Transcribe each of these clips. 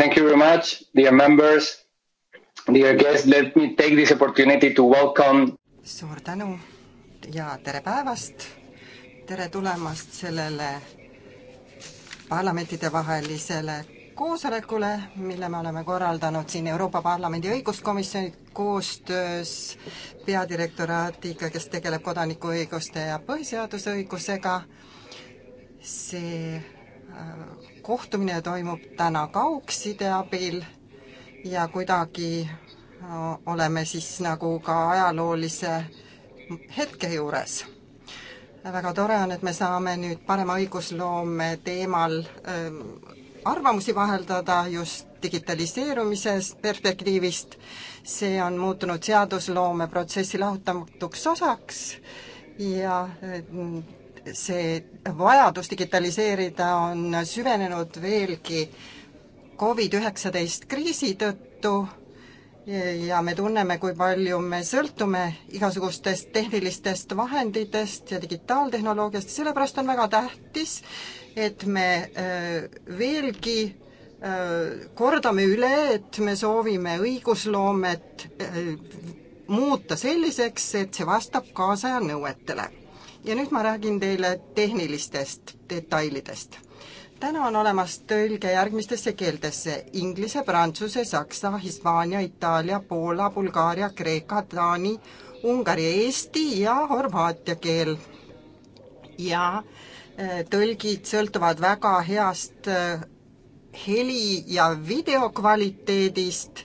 Thank you very much, dear members, dear guests. Let me take this opportunity to welcome. suur tänu ja tere päevast. tere tulemast sellele parlamentidevahelisele koosolekule, mille me oleme korraldanud siin Euroopa Parlamendi õiguskomisjoni koostöös peadirektoraadiga, kes tegeleb kodanikuõiguste ja põhiseadusõigusega. see Äh, kohtumine toimub täna kaugside abil ja kuidagi äh, oleme siis nagu ka ajaloolise hetke juures. väga tore on, et me saame nüüd parema õigusloome teemal äh, arvamusi vaheldada just digitaliseerumisest perspektiivist. see on muutunud seadusloomeprotsessi lahutamatuks osaks ja et see vajadus digitaliseerida on süvenenud veelgi Covid-19 kriisi tõttu ja me tunneme, kui palju me sõltume igasugustest tehnilistest vahenditest ja digitaaltehnoloogiast, sellepärast on väga tähtis, et me äh, veelgi äh, kordame üle, et me soovime õigusloomet äh, muuta selliseks, et see vastab kaasaja nõuetele ja nüüd ma räägin teile tehnilistest detailidest. täna on olemas tõlge järgmistesse keeltesse inglise, prantsuse, saksa, hispaania, itaalia, poola, bulgaaria, kreeka, taani, ungari, eesti ja horvaatia keel. ja äh, tõlgid sõltuvad väga heast äh, heli- ja videokvaliteedist,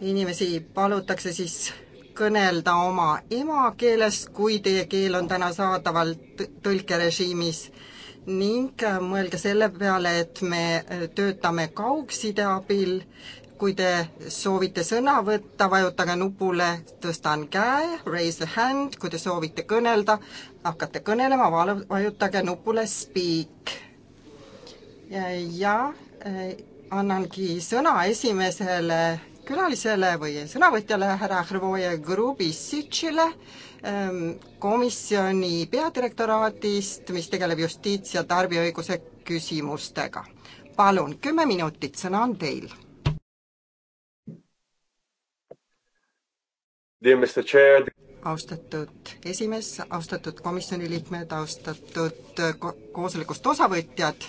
inimesi palutakse siis kõnelda oma emakeeles, kui teie keel on täna saadaval tõlkerežiimis ning äh, mõelge selle peale, et me äh, töötame kaugside abil, kui te soovite sõna võtta, vajutage nupule tõstan käe, raise a hand, kui te soovite kõnelda, hakkate kõnelema, vajutage nupule speak. ja äh, annangi sõna esimesele külalisele või sõnavõtjale, härra Hrvoje Grubisitšile ähm, komisjoni peadirektoraadist, mis tegeleb justiits- ja tarbijaõiguse küsimustega. palun, kümme minutit, sõna on teil. austatud esimees, austatud komisjoni liikmed, austatud äh, ko koosolekust osavõtjad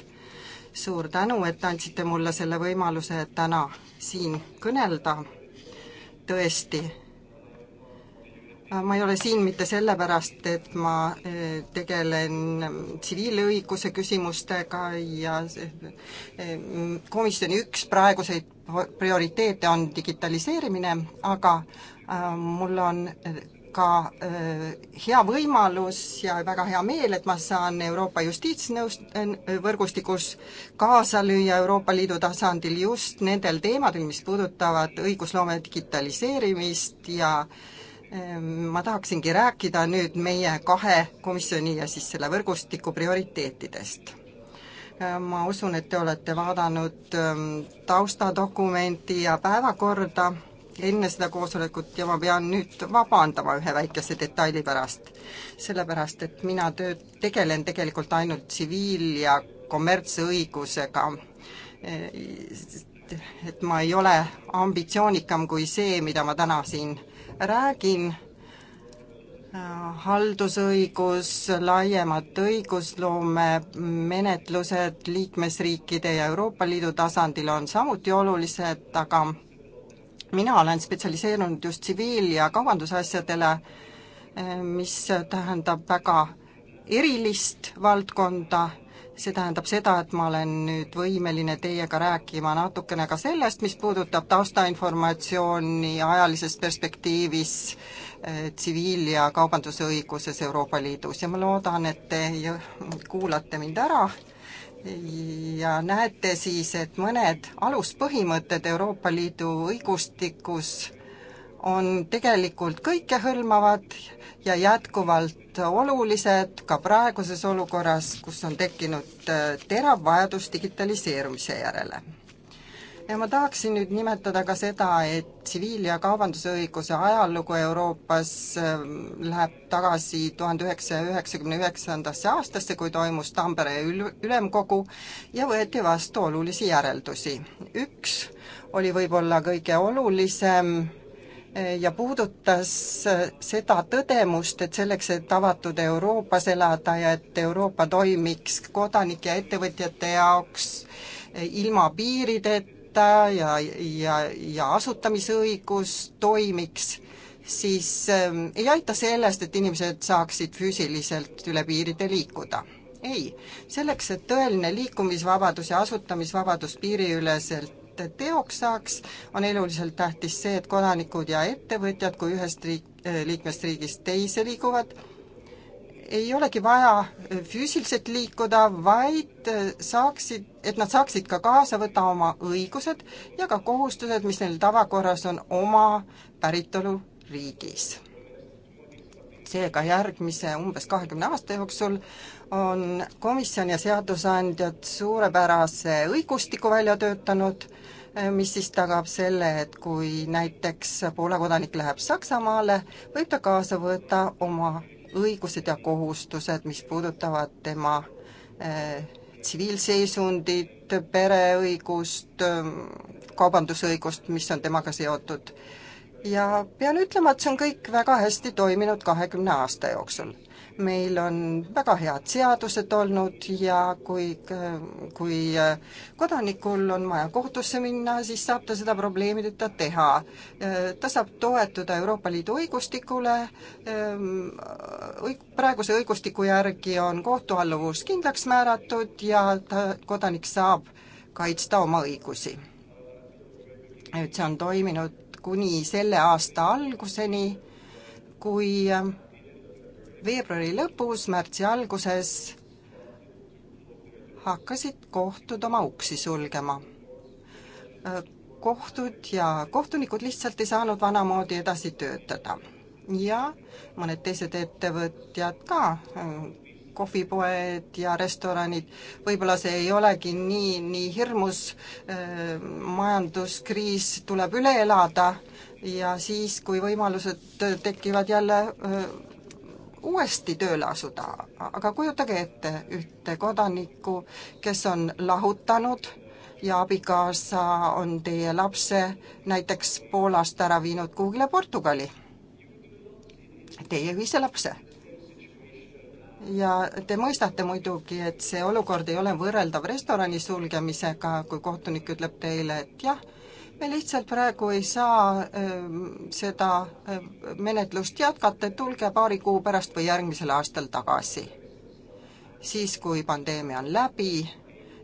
suur tänu, et andsite mulle selle võimaluse täna siin kõnelda. tõesti, ma ei ole siin mitte sellepärast, et ma eh, tegelen tsiviilõiguse küsimustega ja eh, komisjoni üks praeguseid prioriteete on digitaliseerimine, aga eh, mul on ka äh, hea võimalus ja väga hea meel, et ma saan Euroopa justiitsnõust-, äh, võrgustikus kaasa lüüa Euroopa Liidu tasandil just nendel teemadel, mis puudutavad õigusloome digitaliseerimist ja äh, ma tahaksingi rääkida nüüd meie kahe komisjoni ja siis selle võrgustiku prioriteetidest. ma usun, et te olete vaadanud ähm, taustadokumenti ja päevakorda enne seda koosolekut ja ma pean nüüd vabandama ühe väikese detaili pärast. sellepärast, et mina töö, tegelen tegelikult ainult tsiviil- ja kommertsõigusega. E, et ma ei ole ambitsioonikam kui see, mida ma täna siin räägin äh, haldusõigus, laiemad õigusloome menetlused liikmesriikide ja Euroopa Liidu tasandil on samuti olulised, aga mina olen spetsialiseerunud just tsiviil- ja kaubandusasjadele, eh, mis tähendab väga erilist valdkonda, see tähendab seda, et ma olen nüüd võimeline teiega rääkima natukene ka sellest, mis puudutab taustainformatsiooni ajalises perspektiivis eh, tsiviil- ja kaubandusõiguses Euroopa Liidus ja ma loodan, et te kuulate mind ära ja näete siis, et mõned aluspõhimõtted Euroopa Liidu õigustikus on tegelikult kõikehõlmavad ja jätkuvalt olulised ka praeguses olukorras, kus on tekkinud äh, terav vajadus digitaliseerumise järele ja ma tahaksin nüüd nimetada ka seda, et tsiviil- ja kaubandusõiguse ajalugu Euroopas ähm, läheb tagasi tuhande üheksasaja üheksakümne üheksandasse aastasse, kui toimus Tampere ülemkogu ja võeti vastu olulisi järeldusi. üks oli võib-olla kõige olulisem äh, ja puudutas äh, seda tõdemust, et selleks, et avatud Euroopas elada ja et Euroopa toimiks kodanike ja ettevõtjate jaoks äh, ilma piirideta, kasutada ja, ja, ja asutamisõigus toimiks, siis ähm, ei aita sellest, et inimesed saaksid füüsiliselt üle piiride liikuda ei, selleks, et tõeline liikumisvabadus ja asutamisvabadus piiriüleselt teoks saaks, on eluliselt tähtis see, et kodanikud ja ettevõtjad, kui ühest riik, liikmesriigist teise liiguvad, ei olegi vaja füüsiliselt liikuda, vaid saaksid, et nad saaksid ka kaasa võtta oma õigused ja ka kohustused, mis neil tavakorras on oma päritoluriigis. seega järgmise umbes kahekümne aasta jooksul on komisjon ja seadusandjad suurepärase õigustiku välja töötanud, mis siis tagab selle, et kui näiteks Poola kodanik läheb Saksamaale, võib ta kaasa võtta oma õigused ja kohustused, mis puudutavad tema äh, tsiviilseisundit, pereõigust, ähm, kaubandusõigust, mis on temaga seotud. ja pean ütlema, et see on kõik väga hästi toiminud kahekümne aasta jooksul meil on väga head seadused olnud ja kui, kui kodanikul on vaja kohtusse minna, siis saab ta seda probleemideta teha. ta saab toetuda Euroopa Liidu õigustikule, ehm, õig-, praeguse õigustiku järgi on kohtualluvus kindlaks määratud ja ta, kodanik saab kaitsta oma õigusi. et see on toiminud kuni selle aasta alguseni, kui äh, veebruari lõpus, märtsi alguses hakkasid kohtud oma uksi sulgema. kohtud ja kohtunikud lihtsalt ei saanud vanamoodi edasi töötada. ja mõned teised ettevõtjad ka, kohvipoed ja restoranid, võib-olla see ei olegi nii, nii hirmus, majanduskriis tuleb üle elada ja siis, kui võimalused tekivad jälle öö, uuesti tööle asuda, aga kujutage ette ühte kodanikku, kes on lahutanud ja abikaasa on teie lapse näiteks Poolast ära viinud kuhugile Portugali. Teie ühise lapse ja te mõistate muidugi, et see olukord ei ole võrreldav restorani sulgemisega, kui kohtunik ütleb teile, et jah, me lihtsalt praegu ei saa ähm, seda ähm, menetlust jätkata, tulge paari kuu pärast või järgmisel aastal tagasi. siis, kui pandeemia on läbi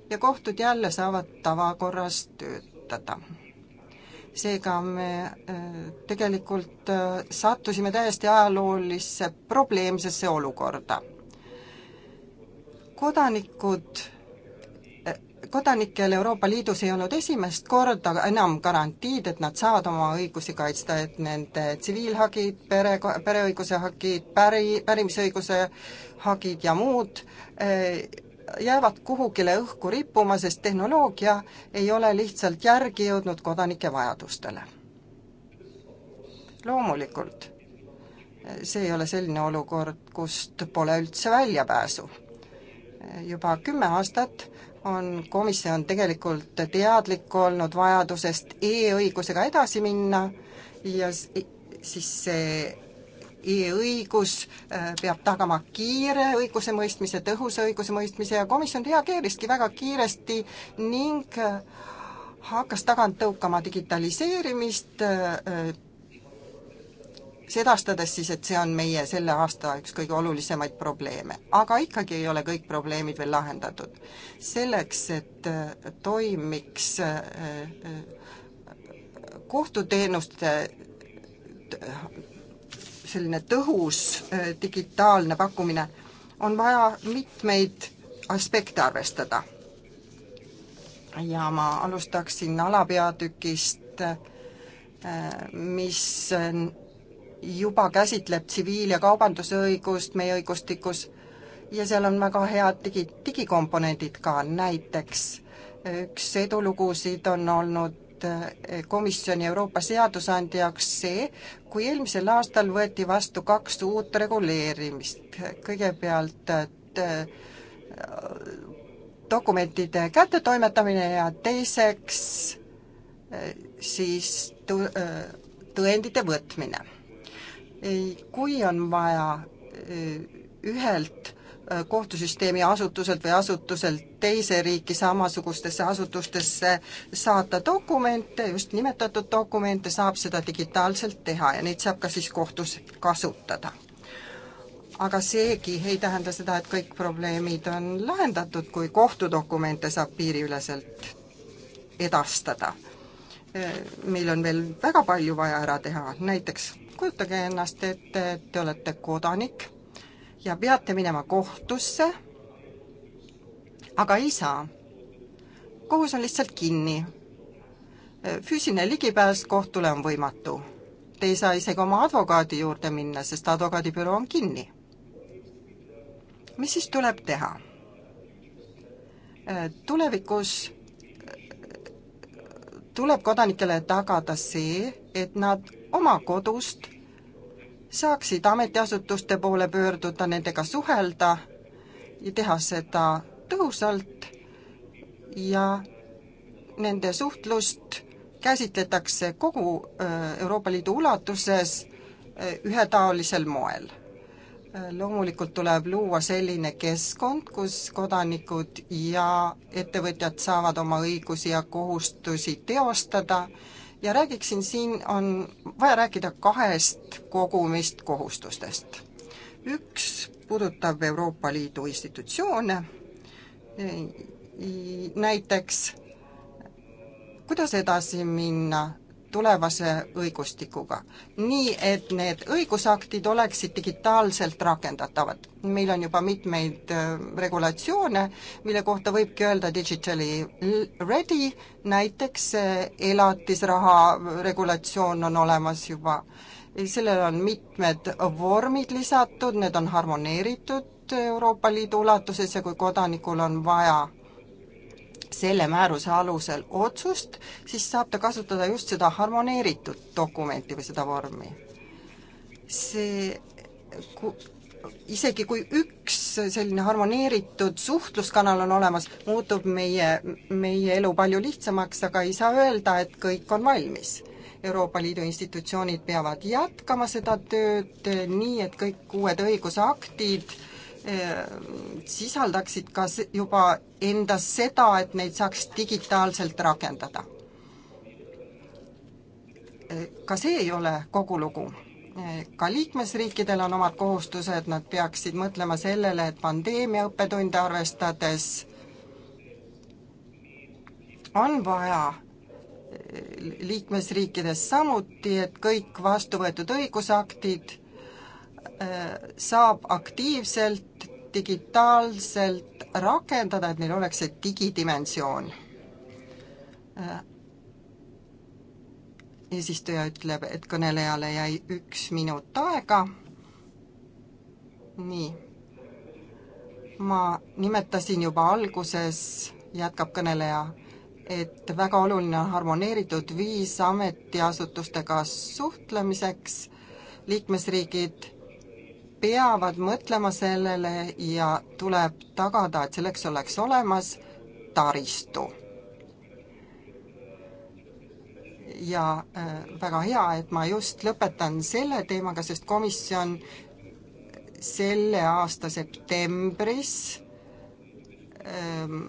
ja kohtud jälle saavad tavakorras töötada seega me äh, tegelikult äh, sattusime täiesti ajaloolisse probleemsesse olukorda. kodanikud kodanikel Euroopa Liidus ei olnud esimest korda enam garantiid, et nad saavad oma õigusi kaitsta, et nende tsiviilhagid, pere, pereõiguse hagid, päri, pärimisõiguse hagid ja muud eh, jäävad kuhugile õhku rippuma, sest tehnoloogia ei ole lihtsalt järgi jõudnud kodanike vajadustele. loomulikult, see ei ole selline olukord, kust pole üldse väljapääsu juba kümme aastat on komisjon tegelikult teadlik olnud vajadusest e-õigusega edasi minna ja siis see e-õigus äh, peab tagama kiire õigusemõistmise, tõhusa õigusemõistmise ja komisjon reageeriski väga kiiresti ning äh, hakkas tagant tõukama digitaliseerimist, äh, sedastades siis, et see on meie selle aasta üks kõige olulisemaid probleeme. aga ikkagi ei ole kõik probleemid veel lahendatud. selleks, et äh, toimiks äh, äh, kohtuteenuste selline tõhus digitaalne pakkumine, on vaja mitmeid aspekte arvestada. ja ma alustaksin alapeatükist, mis juba käsitleb tsiviil- ja kaubandusõigust meie õigustikus ja seal on väga head digi, digikomponendid ka, näiteks eh, üks edulugusid on olnud eh, komisjoni Euroopa seadusandja jaoks see, kui eelmisel aastal võeti vastu kaks uut reguleerimist, kõigepealt eh, dokumentide kättetoimetamine ja teiseks siis tõendite võtmine kui on vaja e, ühelt e, kohtusüsteemi asutuselt või asutuselt teise riiki samasugustesse asutustesse saata dokumente, just nimetatud dokumente, saab seda digitaalselt teha ja neid saab ka siis kohtus kasutada. aga seegi ei tähenda seda, et kõik probleemid on lahendatud, kui kohtudokumente saab piiriüleselt edastada. E, meil on veel väga palju vaja ära teha, näiteks kujutage ennast ette, et te olete kodanik ja peate minema kohtusse, aga ei saa. kohus on lihtsalt kinni. füüsiline ligipääs kohtule on võimatu. Te ei saa isegi oma advokaadi juurde minna, sest advokaadibüroo on kinni. mis siis tuleb teha? Äh, tulevikus äh, tuleb kodanikele tagada see, et nad oma kodust, saaksid ametiasutuste poole pöörduda, nendega suhelda ja teha seda tõhusalt ja nende suhtlust käsitletakse kogu äh, Euroopa Liidu ulatuses äh, ühetaolisel moel. Äh, loomulikult tuleb luua selline keskkond, kus kodanikud ja ettevõtjad saavad oma õigusi ja kohustusi teostada ja räägiksin siin, on vaja rääkida kahest kogumist kohustustest. üks puudutab Euroopa Liidu institutsioone, näiteks kuidas edasi minna tulevase õigustikuga. nii, et need õigusaktid oleksid digitaalselt rakendatavad. meil on juba mitmeid äh, regulatsioone, mille kohta võibki öelda digitally ready, näiteks äh, elatisraha regulatsioon on olemas juba. sellele on mitmed vormid lisatud, need on harmoneeritud Euroopa Liidu ulatuses ja kui kodanikul on vaja selle määruse alusel otsust, siis saab ta kasutada just seda harmoneeritud dokumenti või seda vormi. see ku, isegi kui üks selline harmoneeritud suhtluskanal on olemas, muutub meie, meie elu palju lihtsamaks, aga ei saa öelda, et kõik on valmis. Euroopa Liidu institutsioonid peavad jätkama seda tööd nii, et kõik uued õigusaktid äh, Ehm, sisaldaksid ka juba endas seda, et neid saaks digitaalselt rakendada. Ehm, ka see ei ole kogu lugu. Ehm, ka liikmesriikidel on omad kohustused, nad peaksid mõtlema sellele, et pandeemia õppetunde arvestades on vaja liikmesriikides samuti, et kõik vastu võetud õigusaktid saab aktiivselt digitaalselt rakendada, et neil oleks see digidimensioon. Äh, eesistuja ütleb, et kõnelejale jäi üks minut aega. nii. ma nimetasin juba alguses, jätkab kõneleja, et väga oluline on harmoneeritud viis ametiasutustega suhtlemiseks, liikmesriigid peavad mõtlema sellele ja tuleb tagada, et selleks oleks olemas taristu. ja äh, väga hea, et ma just lõpetan selle teemaga, sest komisjon selle aasta septembris ähm,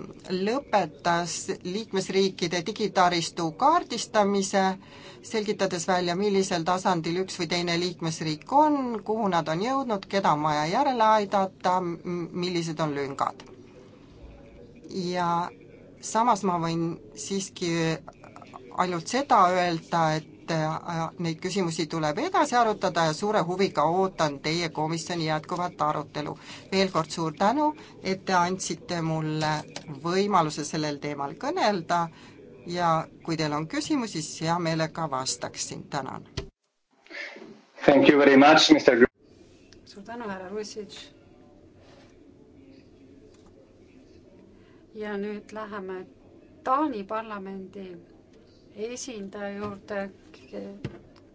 lõpetas liikmesriikide digitaristu kaardistamise äh, selgitades välja, millisel tasandil üks või teine liikmesriik on, kuhu nad on jõudnud, keda on vaja järele aidata, millised on lüngad. ja samas ma võin siiski ainult seda öelda, et äh, neid küsimusi tuleb edasi arutada ja suure huviga ootan teie komisjoni jätkuvat arutelu. veel kord suur tänu, et te andsite mulle võimaluse sellel teemal kõnelda ja kui teil on küsimusi, siis hea meelega vastaksin, tänan. Thank you very much, Mr Gru-. suur tänu, härra Rusitš. ja nüüd läheme Taani parlamendi esindaja juurde,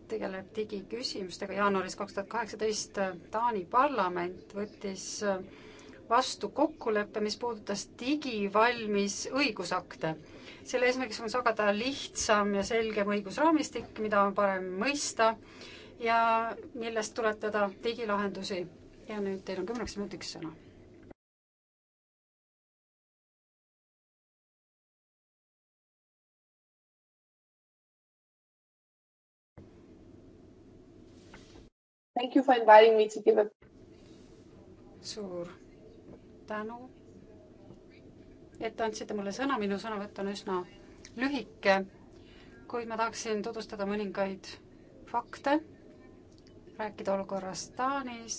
tegeleb digiküsimustega. jaanuaris kaks tuhat kaheksateist Taani parlament võttis vastu kokkuleppe, mis puudutas digivalmis õigusakte selle eesmärgiks on tagada lihtsam ja selgem õigusraamistik, mida on parem mõista ja millest tuletada digilahendusi. ja nüüd teil on kümneks minutiks sõna. Thank you for inviting me to give a suur tänu et andsite mulle sõna, minu sõnavõtt on üsna lühike, kuid ma tahaksin tutvustada mõningaid fakte, rääkida olukorrast Taanis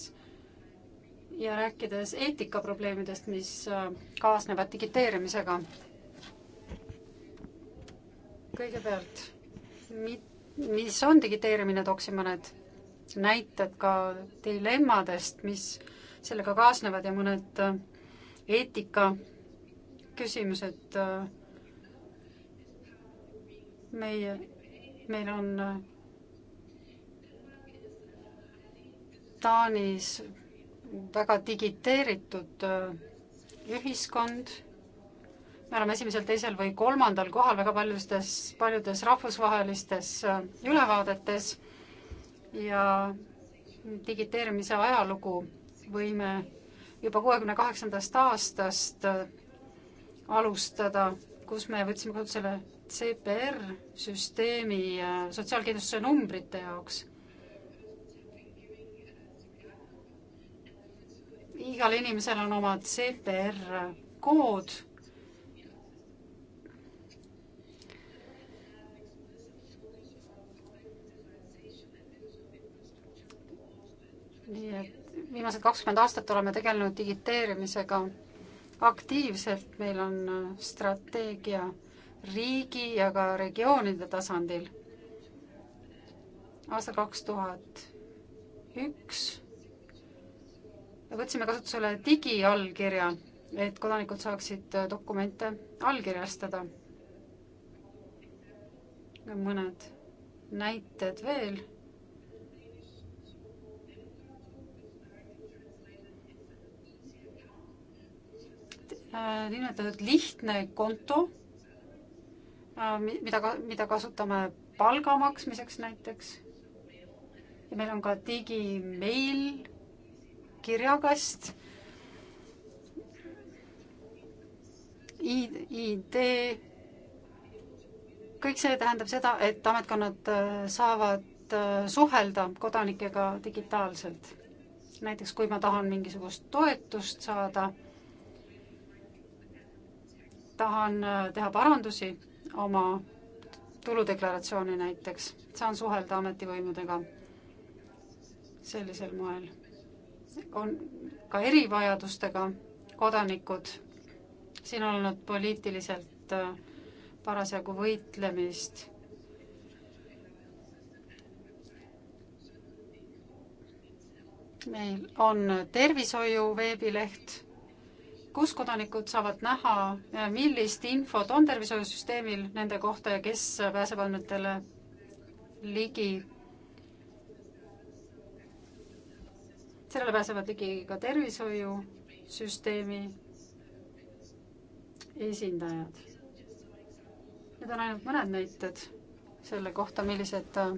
ja rääkides eetikaprobleemidest, mis äh, kaasnevad digiteerimisega. kõigepealt, mis on digiteerimine, tooksin mõned näited ka dilemmadest, mis sellega kaasnevad ja mõned äh, eetika küsimus, et äh, meie, meil on äh, Taanis väga digiteeritud äh, ühiskond. me oleme esimesel, teisel või kolmandal kohal väga paljudes, paljudes rahvusvahelistes ülevaadetes ja digiteerimise ajalugu võime juba kuuekümne kaheksandast aastast alustada, kus me võtsime kasutusele CPR süsteemi sotsiaalkindlustuse numbrite jaoks. igal inimesel on oma CPR kood nii et viimased kakskümmend aastat oleme tegelenud digiteerimisega aktiivselt, meil on äh, strateegia riigi ja ka regioonide tasandil. aasta kaks tuhat üks võtsime kasutusele digiallkirja, et kodanikud saaksid äh, dokumente allkirjastada. mõned näited veel Äh, niinimetatud lihtne konto, äh, mida, mida kasutame palga maksmiseks näiteks. ja meil on ka digimeil, kirjakast ID, kõik see tähendab seda, et ametkonnad äh, saavad suhelda kodanikega digitaalselt. näiteks kui ma tahan mingisugust toetust saada tahan äh, teha parandusi oma tuludeklaratsiooni näiteks, saan suhelda ametivõimudega sellisel moel. on ka erivajadustega kodanikud, siin on olnud poliitiliselt äh, parasjagu võitlemist. meil on tervishoiu veebileht kus kodanikud saavad näha, äh, millist infot on tervishoiusüsteemil nende kohta ja kes pääseb andmetele ligi. sellele pääsevad ligi ka tervishoiusüsteemi esindajad. Need on ainult mõned näited selle kohta, millised, äh,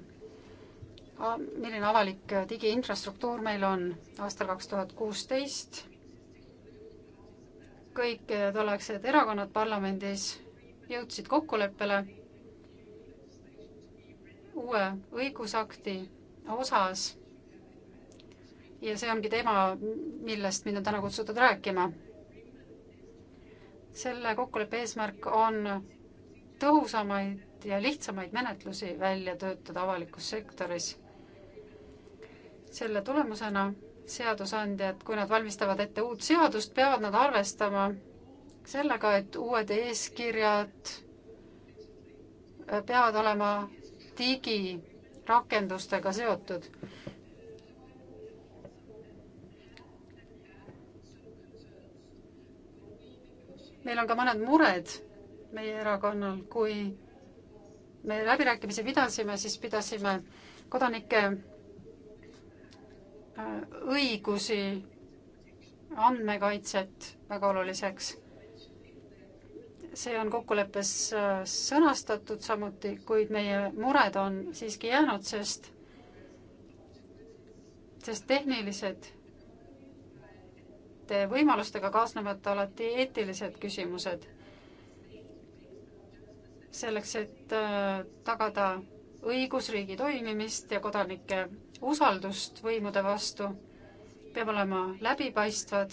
milline avalik äh, digiinfrastruktuur meil on aastal kaks tuhat kuusteist kõik tolleaegsed erakonnad parlamendis jõudsid kokkuleppele uue õigusakti osas ja see ongi teema, millest mind on täna kutsutud rääkima. selle kokkuleppe eesmärk on tõhusamaid ja lihtsamaid menetlusi välja töötada avalikus sektoris. selle tulemusena seadusandjad, kui nad valmistavad ette uut seadust, peavad nad arvestama sellega, et uued eeskirjad äh, peavad olema digirakendustega seotud. meil on ka mõned mured meie erakonnal, kui me läbirääkimisi pidasime, siis pidasime kodanike Äh, õigusi, andmekaitset väga oluliseks. see on kokkuleppes äh, sõnastatud samuti, kuid meie mured on siiski jäänud, sest, sest tehnilised võimalustega kaasnevad alati eetilised küsimused. selleks, et äh, tagada õigusriigi toimimist ja kodanike usaldust võimude vastu, peab olema läbipaistvad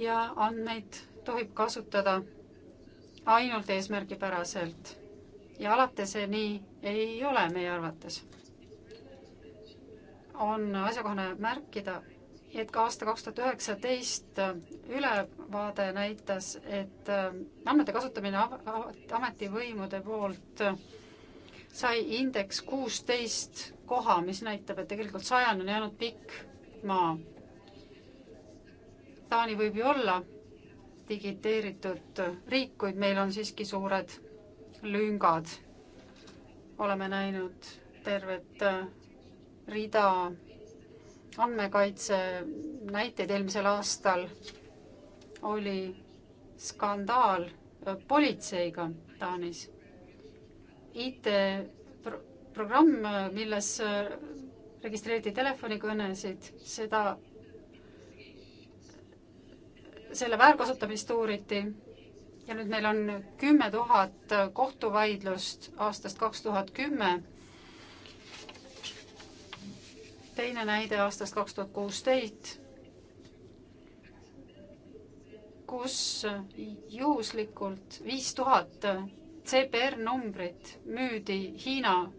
ja andmeid tohib kasutada ainult eesmärgipäraselt ja alati see nii ei ole meie arvates. on asjakohane märkida, et ka aasta kaks tuhat üheksateist ülevaade näitas, et andmete kasutamine ametivõimude poolt sai indeks kuusteist koha, mis näitab, et tegelikult sajand on jäänud pikk maa. Taani võib ju olla digiteeritud riik, kuid meil on siiski suured lüngad. oleme näinud tervet äh, rida andmekaitse näiteid eelmisel aastal oli skandaal äh, politseiga Taanis IT-programm, milles äh, registreeriti telefonikõnesid, seda, selle väärkasutamist uuriti ja nüüd meil on kümme tuhat kohtuvaidlust aastast kaks tuhat kümme. teine näide aastast kaks tuhat kuusteist, kus juhuslikult viis tuhat CPR numbrit müüdi Hiina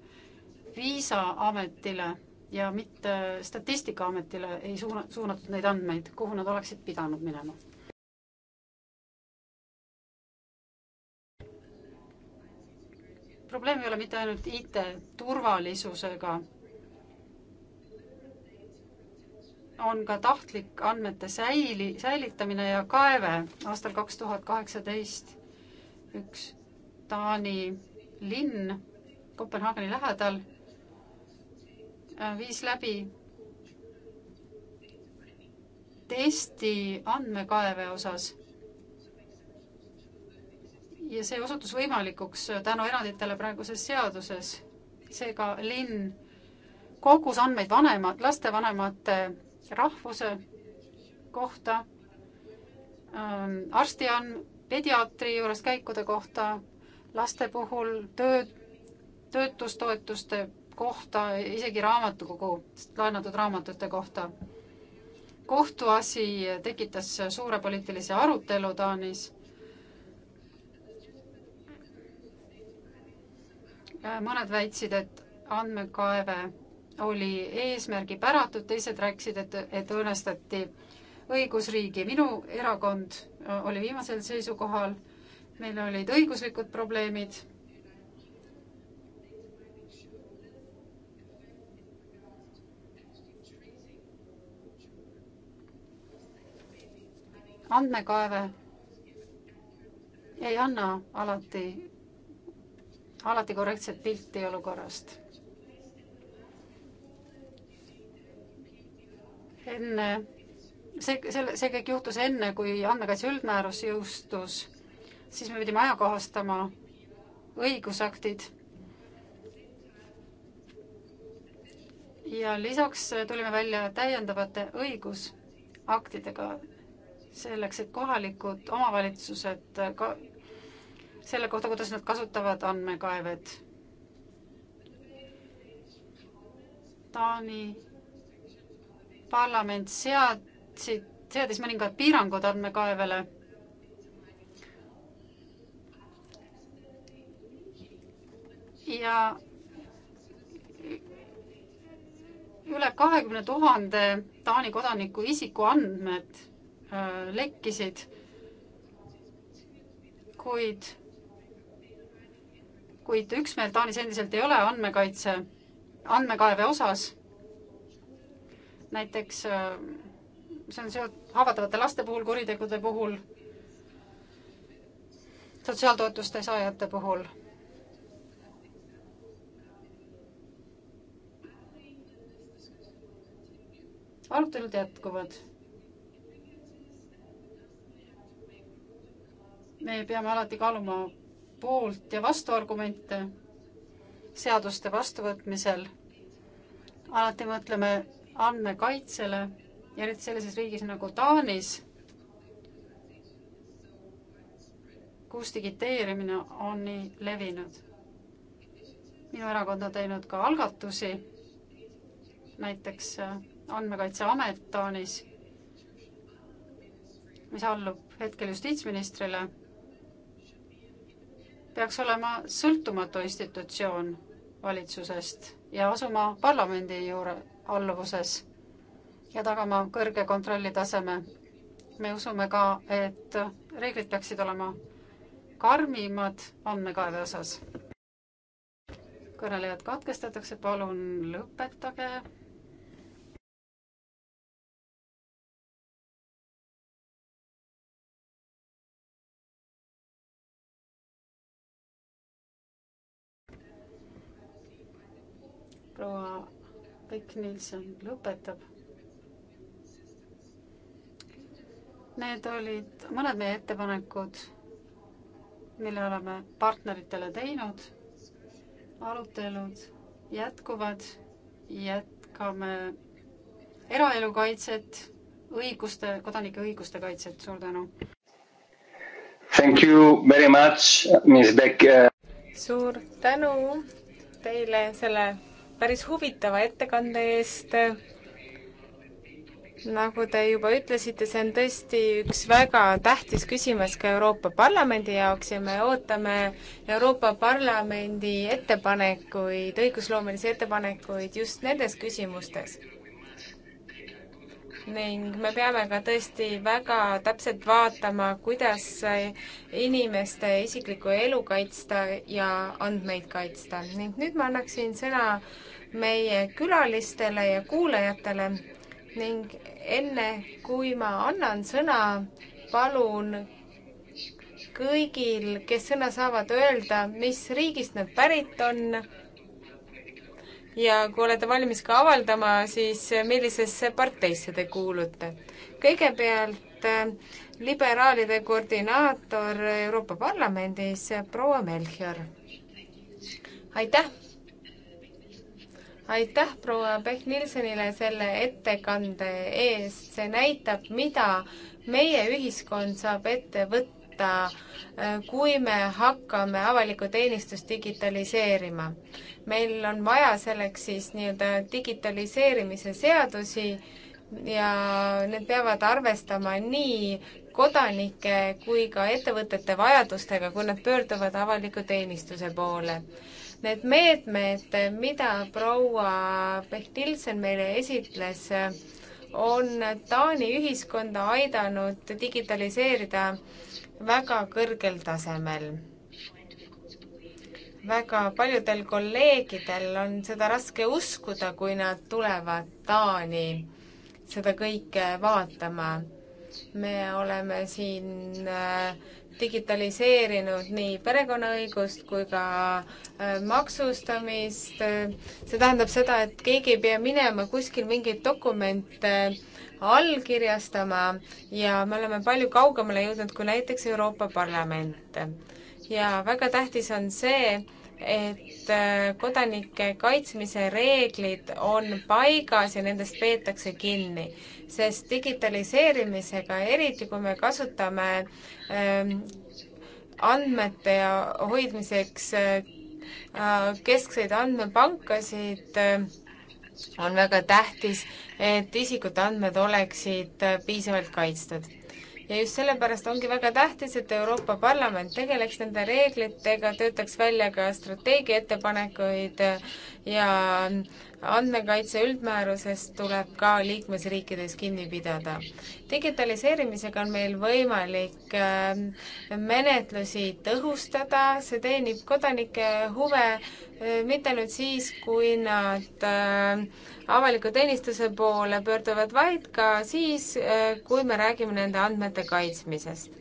viisaametile ja mitte Statistikaametile ei suuna, suunatud neid andmeid, kuhu nad oleksid pidanud minema. probleem ei ole mitte ainult IT-turvalisusega, on ka tahtlik andmete säili, säilitamine ja kaeve aastal kaks tuhat kaheksateist üks Taani linn Kopenhaageni lähedal äh, viis läbi testi andmekaeve osas. ja see osutus võimalikuks äh, tänu eranditele praeguses seaduses. seega linn kogus andmeid vanemad, lastevanemate rahvuse kohta ähm,, arsti andm-, pediaatri juures käikude kohta laste puhul, töö, töötustoetuste kohta, isegi raamatukogu, laenatud raamatute kohta. kohtuasi tekitas suure poliitilise arutelu Taanis. mõned väitsid, et andmekaeve oli eesmärgipäratud, teised rääkisid, et, et õõnestati õigusriigi. minu erakond oli viimasel seisukohal meil olid õiguslikud probleemid. andmekaeve ei anna alati, alati korrektset pilti olukorrast enne, see, selle, see kõik juhtus enne, kui andmekaitse üldmäärus jõustus siis me pidime ajakohastama õigusaktid. ja lisaks tulime välja täiendavate õigusaktidega selleks, et kohalikud omavalitsused ka selle kohta, kuidas nad kasutavad andmekaevet. Taani parlament seadsid, seadis mõningad piirangud andmekaevele ja üle kahekümne tuhande Taani kodaniku isikuandmed äh, lekkisid, kuid, kuid üksmeelt Taanis endiselt ei ole andmekaitse, andmekaeve osas. näiteks äh, see on seotud haavatavate laste puhul, kuritegude puhul, sotsiaaltoetuste saajate puhul arutelud jätkuvad. me peame alati kaaluma poolt ja vastuargumente seaduste vastuvõtmisel. alati mõtleme andmekaitsele ja eriti sellises riigis nagu Taanis, kus digiteerimine on nii levinud. minu erakond on teinud ka algatusi, näiteks äh, andmekaitseamet Taanis, mis allub hetkel justiitsministrile, peaks olema sõltumatu institutsioon valitsusest ja asuma parlamendi juure alluvuses ja tagama kõrge kontrollitaseme. me usume ka, et reeglid peaksid olema karmimad andmekaeve osas. kõnelejad katkestatakse, palun lõpetage proua Pikk-Nielsen lõpetab. Need olid mõned meie ettepanekud, mille oleme partneritele teinud. arutelud jätkuvad, jätkame eraelu kaitset, õiguste, kodanike õiguste kaitset, suur tänu. Thank you very much, Miss Beck. suur tänu teile selle päris huvitava ettekande eest. nagu te juba ütlesite, see on tõesti üks väga tähtis küsimus ka Euroopa Parlamendi jaoks ja me ootame Euroopa Parlamendi ettepanekuid, õigusloomelisi ettepanekuid just nendes küsimustes ning me peame ka tõesti väga täpselt vaatama, kuidas inimeste isiklikku elu kaitsta ja andmeid kaitsta. ning nüüd ma annaksin sõna meie külalistele ja kuulajatele ning enne, kui ma annan sõna, palun kõigil, kes sõna saavad, öelda, mis riigist nad pärit on ja kui olete valmis ka avaldama, siis millisesse parteisse te kuulute? kõigepealt äh, liberaalide koordinaator Euroopa Parlamendis, proua Melchior. aitäh! aitäh proua Pehk-Nilsenile selle ettekande eest, see näitab, mida meie ühiskond saab ette võtta võtta, äh, kui me hakkame avalikku teenistust digitaliseerima. meil on vaja selleks siis nii-öelda digitaliseerimise seadusi ja need peavad arvestama nii kodanike kui ka ettevõtete vajadustega, kui nad pöörduvad avaliku teenistuse poole. Need meetmed, mida proua Bechtilsen meile esitles, on Taani ühiskonda aidanud digitaliseerida äh, väga kõrgel tasemel. väga paljudel kolleegidel on seda raske uskuda, kui nad tulevad Taani seda kõike vaatama. me oleme siin äh, digitaliseerinud nii perekonnaõigust kui ka äh, maksustamist. see tähendab seda, et keegi ei pea minema kuskil mingeid dokumente allkirjastama ja me oleme palju kaugemale jõudnud kui näiteks Euroopa Parlament. ja väga tähtis on see, et äh, kodanike kaitsmise reeglid on paigas ja nendest peetakse kinni. sest digitaliseerimisega, eriti kui me kasutame ähm, andmete hoidmiseks äh, äh, keskseid andmepankasid, on väga tähtis, et isikute andmed oleksid piisavalt kaitstud ja just sellepärast ongi väga tähtis, et Euroopa Parlament tegeleks nende reeglitega, töötaks välja ka strateegiaettepanekuid ja äh, andmekaitse üldmäärusest tuleb ka liikmesriikides kinni pidada. digitaliseerimisega on meil võimalik ähm, menetlusi tõhustada, see teenib kodanike huve äh, mitte nüüd siis, kui nad ähm, avaliku teenistuse poole pöörduvad, vaid ka siis, äh, kui me räägime nende andmete kaitsmisest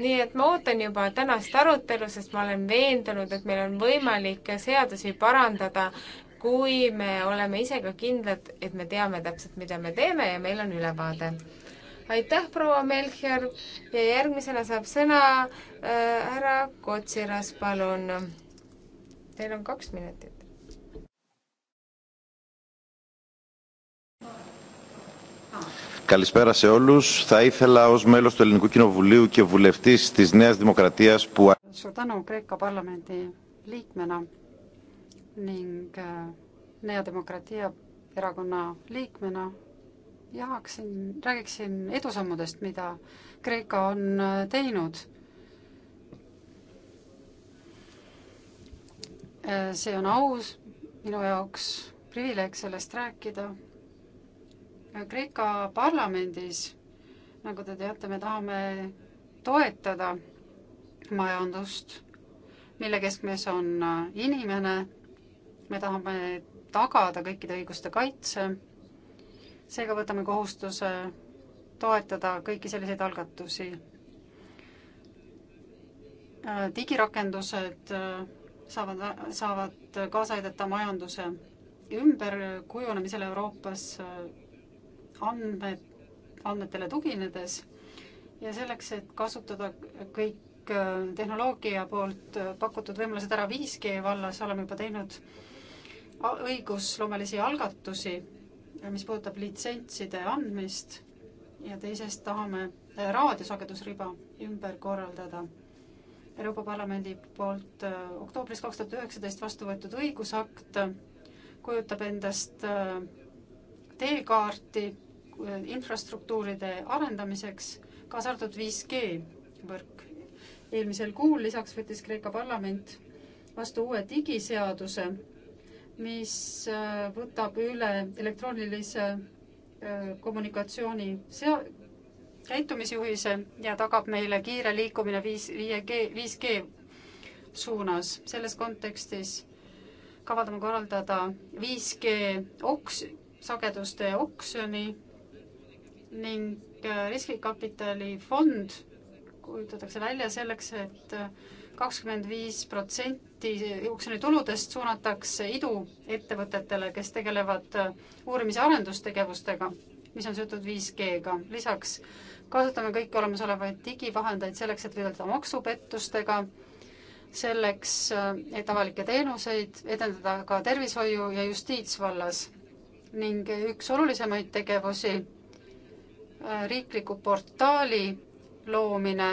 nii et ma ootan juba tänast arutelu, sest ma olen veendunud, et meil on võimalik seadusi parandada kui me oleme ise ka kindlad, et me teame täpselt, mida me teeme ja meil on ülevaade. aitäh, proua Melchior ja järgmisena saab sõna äh, härra äh, Kotsiras, palun. Teil on kaks minutit. Καλησπέρα σε όλους. Θα ήθελα ως μέλος του Ελληνικού Κοινοβουλίου και βουλευτής της Νέας Δημοκρατίας που... Σουρτάνο Κρέκα Παρλαμέντη, Λίκμενα ning Nea äh, Demokratia erakonna liikmena jagaksin, räägiksin edusammudest, mida Kreeka on äh, teinud. Äh, see on aus, minu jaoks privileeg sellest rääkida. Kreeka parlamendis, nagu te teate, me tahame toetada majandust, mille keskmes on inimene me tahame tagada kõikide õiguste kaitse, seega võtame kohustuse toetada kõiki selliseid algatusi. Äh, digirakendused äh, saavad, saavad kaasa aidata majanduse ümberkujunemisele Euroopas äh, andmed, andmetele tuginedes ja selleks, et kasutada kõik tehnoloogia poolt pakutud võimalused ära 5G vallas, oleme juba teinud õigusloomelisi algatusi, mis puudutab litsentside andmist ja teisest tahame äh, raadiosagedusriba ümber korraldada. Euroopa Parlamendi poolt äh, oktoobris kaks tuhat üheksateist vastu võetud õigusakt äh, kujutab endast teekaarti infrastruktuuride arendamiseks, kaasa arvatud 5G võrk. eelmisel kuul lisaks võttis Kreeka parlament vastu uue digiseaduse mis äh, võtab üle elektroonilise äh, kommunikatsiooni sea-, käitumisjuhise ja tagab meile kiire liikumine viis, viie G, 5G suunas. selles kontekstis kavandame korraldada 5G oks-, sageduste oksjoni ning äh, riskikapitali fond kujutatakse välja selleks et, et kakskümmend viis protsenti protsenti juuksuri tuludest suunatakse iduettevõtetele, kes tegelevad äh, uurimis- ja arendustegevustega, mis on seotud 5G-ga. lisaks kasutame kõiki olemasolevaid digivahendeid selleks, et võidelda maksupettustega, selleks, äh, et avalikke teenuseid edendada ka tervishoiu ja justiitsvallas ning üks olulisemaid tegevusi, äh, riikliku portaali loomine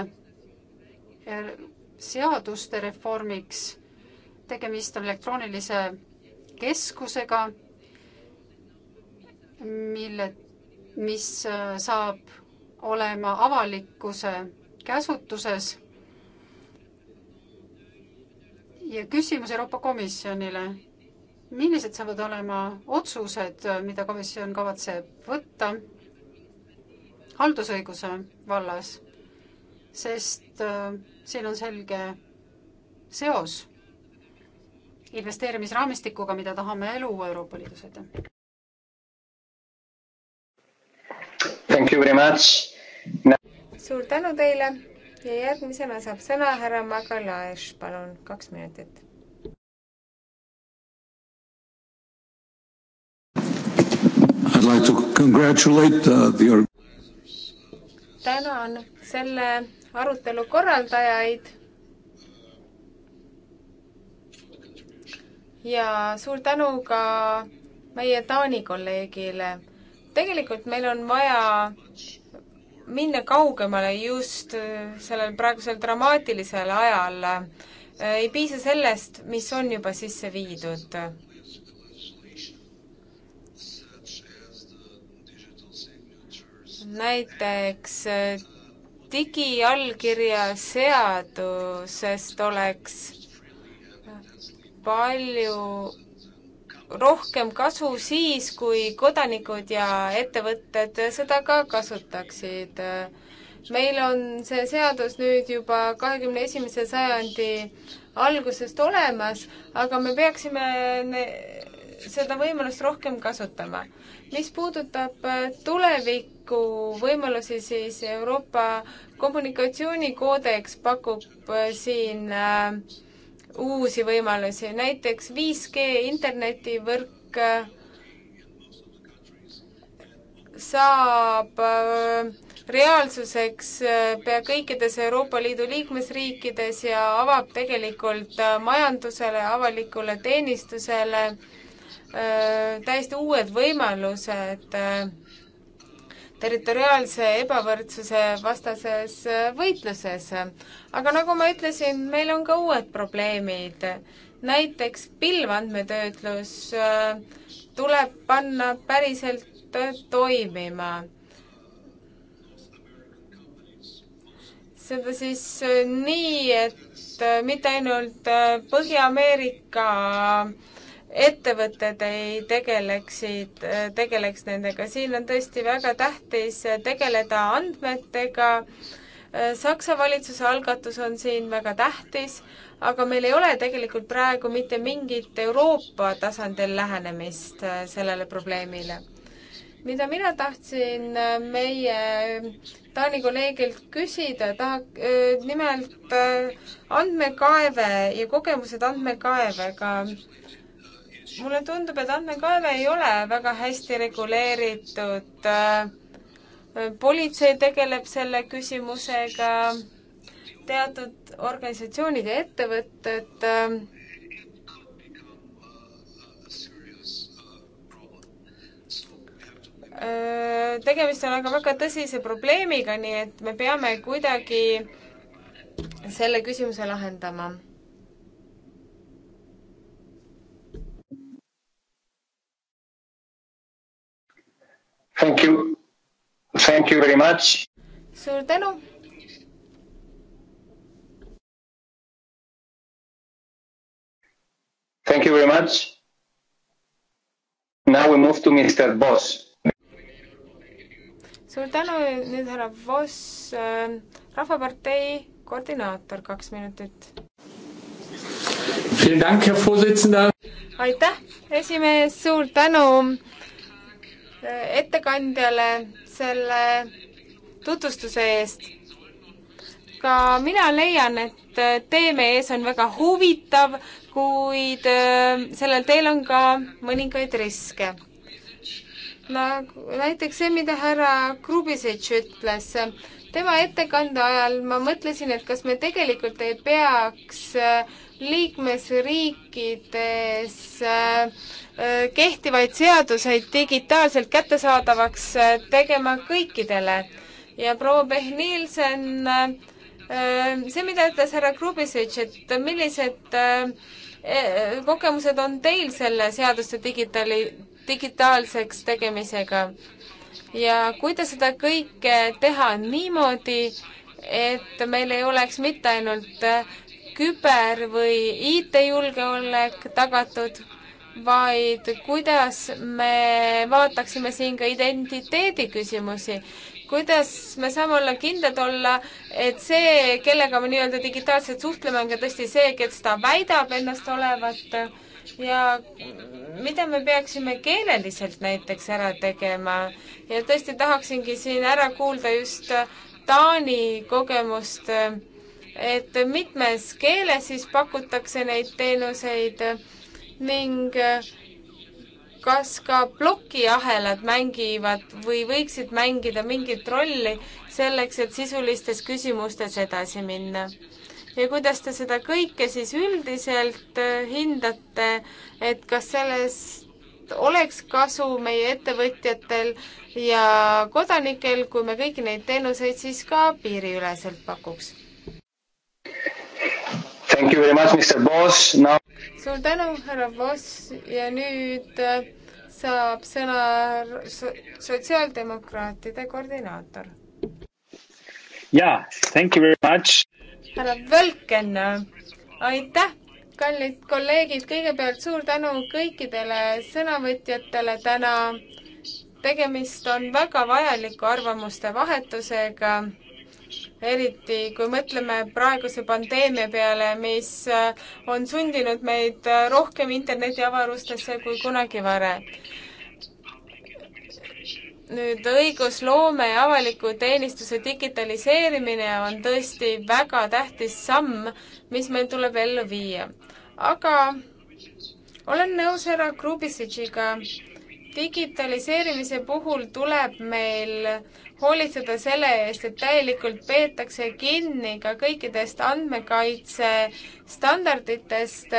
seaduste reformiks tegemist on elektroonilise keskusega, mille, mis äh, saab olema avalikkuse käsutuses. ja küsimus Euroopa Komisjonile, millised saavad olema otsused, äh, mida komisjon kavatseb võtta haldusõiguse vallas, sest äh, siin on selge seos investeerimisraamistikuga, mida tahame luua Euroopa Liidus, aitäh. Thank you very much no.. suur tänu teile ja järgmisena saab sõna härra Magalaš, palun, kaks minutit. I'd like to congratulate uh, the tänan selle arutelu korraldajaid ja suur tänu ka meie Taani kolleegile. tegelikult meil on vaja minna kaugemale just äh, sellel praegusel dramaatilisel ajal. Äh, ei piisa sellest, mis on juba sisse viidud. näiteks äh, digiallkirja seadusest oleks palju rohkem kasu siis, kui kodanikud ja ettevõtted seda ka kasutaksid. meil on see seadus nüüd juba kahekümne esimese sajandi algusest olemas, aga me peaksime seda võimalust rohkem kasutama. mis puudutab tuleviku võimalusi, siis Euroopa kommunikatsioonikoodeks pakub äh, siin äh, uusi võimalusi, näiteks 5G internetivõrk äh, saab äh, reaalsuseks äh, pea kõikides Euroopa Liidu liikmesriikides ja avab tegelikult majandusele, avalikule teenistusele täiesti uued võimalused territoriaalse ebavõrdsuse vastases võitluses. aga nagu ma ütlesin, meil on ka uued probleemid. näiteks pilvandmetöötlus äh, tuleb panna päriselt toimima seda siis äh, nii, et äh, mitte ainult Põhja-Ameerika ettevõtted ei tegeleksid, tegeleks nendega. siin on tõesti väga tähtis tegeleda andmetega. Saksa valitsuse algatus on siin väga tähtis, aga meil ei ole tegelikult praegu mitte mingit Euroopa tasandil lähenemist sellele probleemile. mida mina tahtsin meie Taani kolleegilt küsida, tahak-, nimelt andmekaeve ja kogemused andmekaevega mulle tundub, et andmekaeve ei ole väga hästi reguleeritud. politsei tegeleb selle küsimusega, teatud organisatsioonid ja ettevõtted äh, tegemist on aga väga tõsise probleemiga, nii et me peame kuidagi selle küsimuse lahendama. Thank you. Thank you very much. suur tänu. Thank you very much. Now we move to Mr Boss. suur tänu, nüüd härra Voss, ähm, Rahvapartei koordinaator, kaks minutit. aitäh, esimees, suur tänu ettekandjale selle tutvustuse eest. ka mina leian, et äh, tee meie ees on väga huvitav, kuid äh, sellel teel on ka mõningaid riske. nagu näiteks see, mida härra Krubisic ütles, tema ettekande ajal ma mõtlesin, et kas me tegelikult ei peaks äh, liikmesriikides äh, äh, kehtivaid seaduseid digitaalselt kättesaadavaks äh, tegema kõikidele. ja proua Pehn-Nielsen, see, mida ütles härra Krubisic, et millised kogemused on teil selle seaduste digitaali, digitaalseks tegemisega? ja kuidas seda kõike teha niimoodi, et meil ei oleks mitte ainult küber- või IT-julgeolek tagatud, vaid kuidas me vaataksime siin ka identiteedi küsimusi. kuidas me saame olla kindlad olla, et see, kellega me nii-öelda digitaalselt suhtleme, on ka tõesti see, kes ta väidab ennast olevat ja mida me peaksime keeleliselt näiteks ära tegema ja tõesti tahaksingi siin ära kuulda just Taani kogemust äh, et mitmes keeles siis pakutakse neid teenuseid ning eh, kas ka plokiahelad mängivad või võiksid mängida mingit rolli selleks, et sisulistes küsimustes edasi minna? ja kuidas te seda kõike siis üldiselt eh, hindate, et kas sellest oleks kasu meie ettevõtjatel ja kodanikel, kui me kõiki neid teenuseid siis ka piiriüleselt pakuks? Thank you very much, Mr Boss Now.... suur tänu, härra Boss ja nüüd äh, saab sõna so sotsiaaldemokraatide koordinaator. jaa, thank you very much. härra Völken, aitäh kallid kolleegid, kõigepealt suur tänu kõikidele sõnavõtjatele täna. tegemist on väga vajaliku arvamuste vahetusega eriti kui mõtleme praeguse pandeemia peale, mis äh, on sundinud meid äh, rohkem internetiavarustesse kui kunagi varem. nüüd õigusloome ja avaliku teenistuse digitaliseerimine on tõesti väga tähtis samm, mis meil tuleb ellu viia. aga olen nõus härra Krubisitšiga, digitaliseerimise puhul tuleb meil hoolitseda selle eest, et täielikult peetakse kinni ka kõikidest andmekaitse standarditest.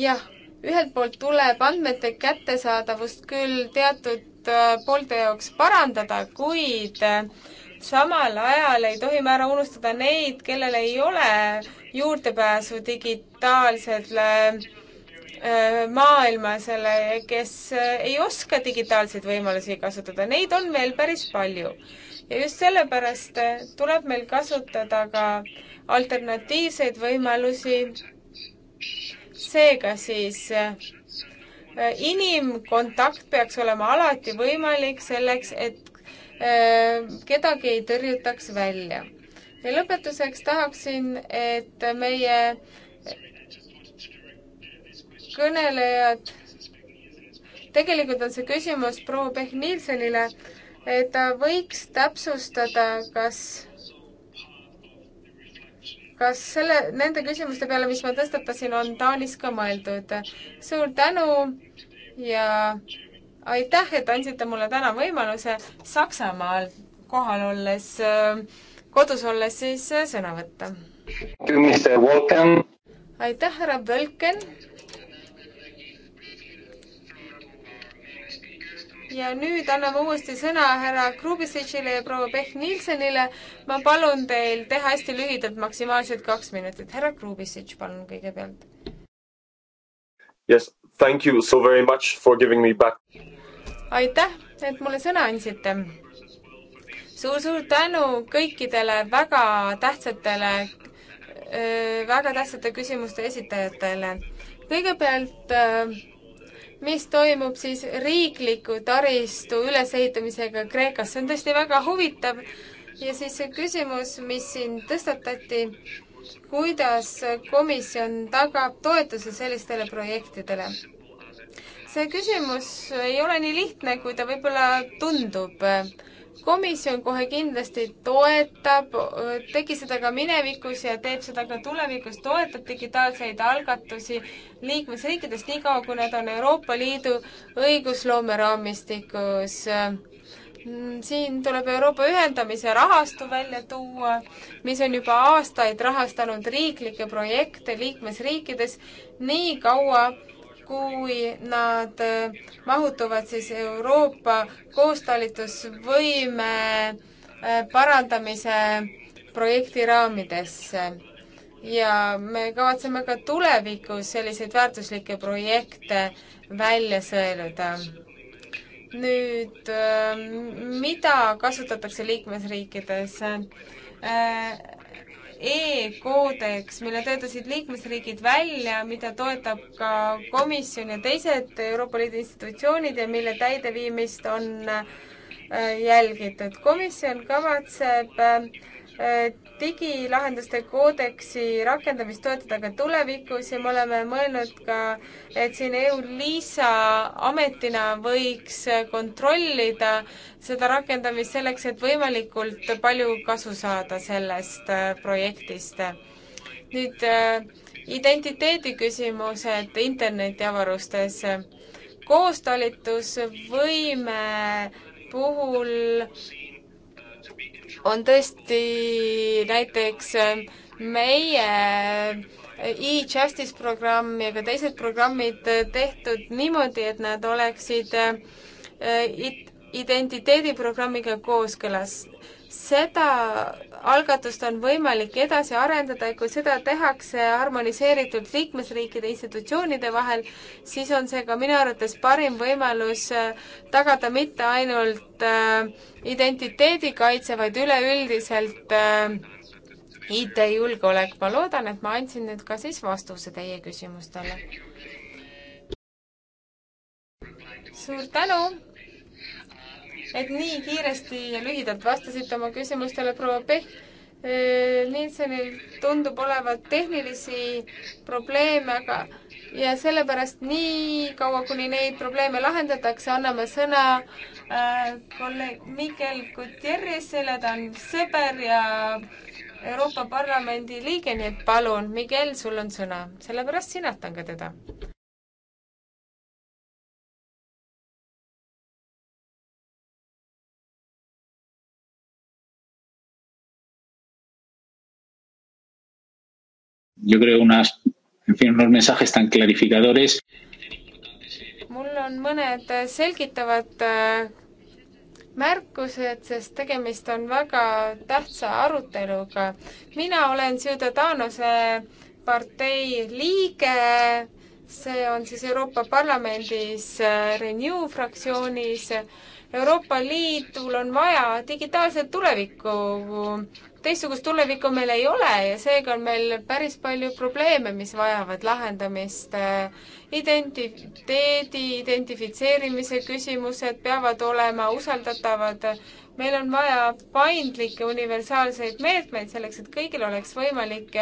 jah, ühelt poolt tuleb andmete kättesaadavust küll teatud äh, poolte jaoks parandada, kuid äh, samal ajal ei tohi me ära unustada neid, kellel ei ole juurdepääsu digitaalsele Äh, maailmasele, kes äh, ei oska digitaalseid võimalusi kasutada, neid on meil päris palju. ja just sellepärast äh, tuleb meil kasutada ka alternatiivseid võimalusi. seega siis inimkontakt peaks olema alati võimalik selleks, et kedagi ei tõrjutaks välja. ja lõpetuseks tahaksin, et meie kõnelejad. tegelikult on see küsimus proua Pehk-Nielsenile, et ta võiks täpsustada, kas, kas selle, nende küsimuste peale, mis ma tõstatasin, on Taanis ka mõeldud. suur tänu ja aitäh, et andsite mulle täna võimaluse Saksamaal kohal olles, kodus olles siis sõna võtta. aitäh, härra Völken. ja nüüd anname uuesti sõna härra Krubisitšile ja proua Pehk-Nielsenile. ma palun teil teha hästi lühidalt, maksimaalselt kaks minutit. härra Krubisitš, palun kõigepealt. Yes, thank you so very much for giving me back. aitäh, et mulle sõna andsite suur,. suur-suur tänu kõikidele väga tähtsatele, väga tähtsate küsimuste esitajatele. kõigepealt äh, mis toimub siis riikliku taristu ülesehitamisega Kreekas, see on tõesti väga huvitav. ja siis see küsimus, mis siin tõstatati, kuidas komisjon tagab toetuse sellistele projektidele? see küsimus ei ole nii lihtne, kui ta võib-olla tundub komisjon kohe kindlasti toetab, tegi seda ka minevikus ja teeb seda ka tulevikus, toetab digitaalseid algatusi liikmesriikides, niikaua kui nad on Euroopa Liidu õigusloome raamistikus. siin tuleb Euroopa ühendamise rahastu välja tuua, mis on juba aastaid rahastanud riiklikke projekte liikmesriikides, nii kaua, kui nad eh, mahutuvad siis Euroopa koostalitusvõime eh, parandamise projekti raamidesse. ja me kavatseme ka tulevikus selliseid väärtuslikke projekte välja sõeluda nüüd eh, mida kasutatakse liikmesriikides? e-koodeks, mille töötasid liikmesriigid välja, mida toetab ka komisjon ja teised Euroopa Liidu institutsioonid ja mille täideviimist on äh, jälgitud. komisjon kavatseb äh, digilahenduste koodeksi rakendamist toetada ka tulevikus ja me oleme mõelnud ka, et siin EU-LISA ametina võiks kontrollida seda rakendamist selleks, et võimalikult palju kasu saada sellest äh, projektist. nüüd äh, identiteedi küsimused internetiavarustes. koostalitusvõime puhul on tõesti näiteks ähm, meie äh, e-justice programm ja ka teised programmid äh, tehtud niimoodi, et nad oleksid äh, identiteediprogrammiga kooskõlas seda algatust on võimalik edasi arendada ja kui seda tehakse harmoniseeritult liikmesriikide institutsioonide vahel, siis on see ka minu arvates parim võimalus äh, tagada mitte ainult äh, identiteedikaitse, vaid üleüldiselt äh, IT-julgeolek. ma loodan, et ma andsin nüüd ka siis vastuse teie küsimustele. suur tänu! et nii kiiresti ja lühidalt vastasite oma küsimustele, proua Pehk. Nielsenil tundub olevat tehnilisi probleeme, aga ja sellepärast nii kaua, kuni neid probleeme lahendatakse, anname sõna äh, kolleeg Mikel Gutierrezile, ta on sõber ja Euroopa Parlamendi liige, nii et palun, Mikel, sul on sõna, sellepärast sinatan ka teda. yo creo, unas, en fin, unos mensajes tan clarificadores. mul on mõned eh, selgitavad eh, märkused, sest tegemist on väga tähtsa aruteluga. mina olen Ciudadanose partei liige, see on siis Euroopa Parlamendis eh, Renew fraktsioonis Euroopa Liidul on vaja digitaalset tulevikku, teistsugust tulevikku meil ei ole ja seega on meil päris palju probleeme, mis vajavad lahendamist. identiteedi, identifitseerimise küsimused peavad olema usaldatavad meil on vaja paindlikke universaalseid meetmeid selleks, et kõigil oleks võimalik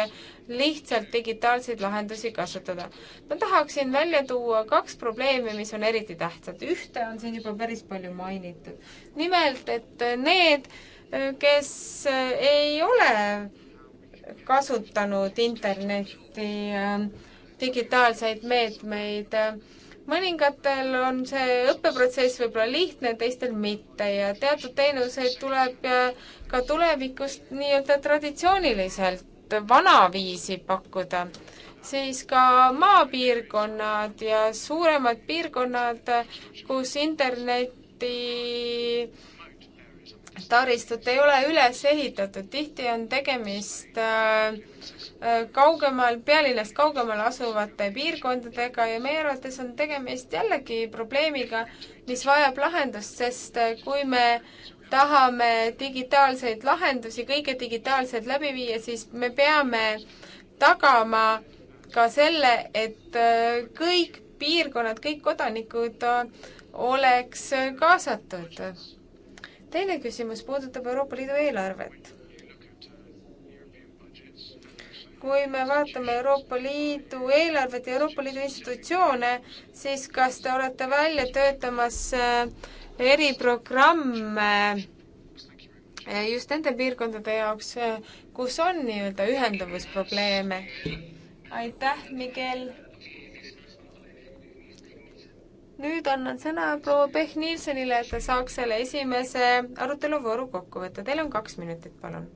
lihtsalt digitaalseid lahendusi kasutada. ma tahaksin välja tuua kaks probleemi, mis on eriti tähtsad. ühte on siin juba päris palju mainitud. nimelt, et need, kes ei ole kasutanud internetti äh, digitaalseid meetmeid, mõningatel on see õppeprotsess võib-olla lihtne, teistel mitte ja teatud teenuseid tuleb ka tulevikus nii-öelda traditsiooniliselt vanaviisi pakkuda, siis ka maapiirkonnad ja suuremad piirkonnad, kus interneti taristut ei ole üles ehitatud, tihti on tegemist äh, Äh, kaugemal, pealinnast kaugemal asuvate piirkondadega ja meie arvates on tegemist jällegi probleemiga, mis vajab lahendust, sest äh, kui me tahame digitaalseid lahendusi, kõike digitaalselt läbi viia, siis me peame tagama ka selle, et äh, kõik piirkonnad, kõik kodanikud oleks kaasatud. teine küsimus puudutab Euroopa Liidu eelarvet kui me vaatame Euroopa Liidu eelarvet ja Euroopa Liidu institutsioone, siis kas te olete välja töötamas äh, eriprogramme äh, just nende piirkondade jaoks, äh, kus on nii-öelda ühenduvusprobleeme? aitäh, Miguel! nüüd annan sõna proua Pehn-Nielsenile, et ta saaks selle esimese aruteluvooru kokku võtta. Teil on kaks minutit, palun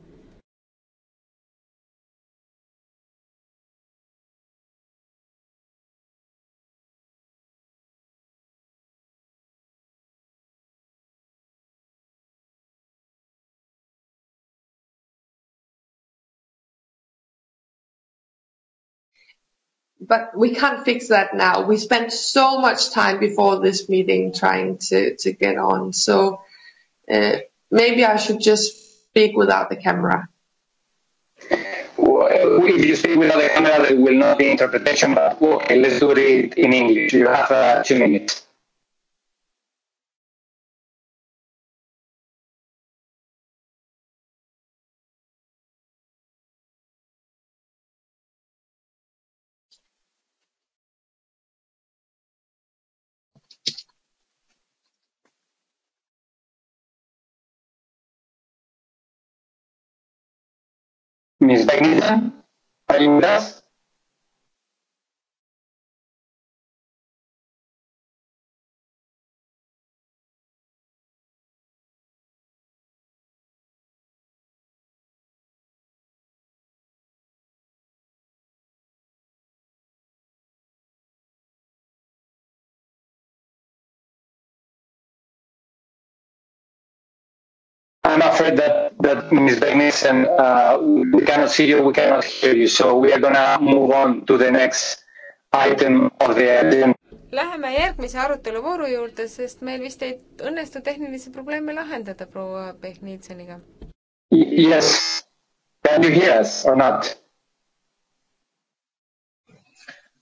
but we can't fix that now. We spent so much time before this meeting trying to, to get on. So uh, maybe I should just speak without the camera. Well, if you speak without the camera, there will not be interpretation, but okay, let's do it in English. You have uh, two minutes. mis técnicas técnicas I'm afraid that, that Ms. Benison, uh, we cannot see you, we cannot hear you, so we are gonna move on to the next item of the agenda. Läheme järgmise aruteluvooru juurde, sest meil vist ei õnnestu tehnilisi probleeme lahendada proua Pehnitseniga. Yes, can you hear us or not?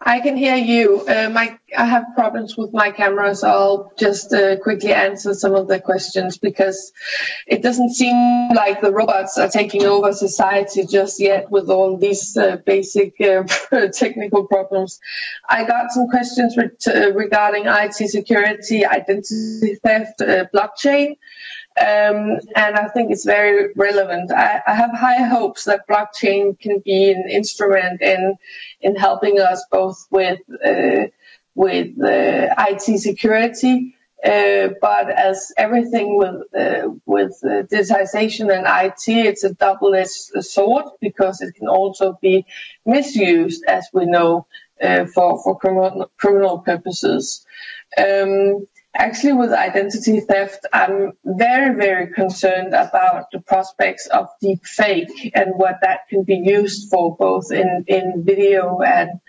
I can hear you. Uh, my, I have problems with my camera, so I'll just uh, quickly answer some of the questions because it doesn't seem like the robots are taking over society just yet with all these uh, basic uh, technical problems. I got some questions re- uh, regarding IT security, identity theft, uh, blockchain. Uh, Um, and I think it's very relevant. I, I have high hopes that blockchain can be an instrument in in helping us both with uh, with uh, IT security, uh, but as everything with uh, with uh, digitization and IT, it's a double-edged sword because it can also be misused, as we know, uh, for for criminal criminal purposes. Um, Actually, with identity theft, I'm very, very concerned about the prospects of deep fake and what that can be used for, both in, in video and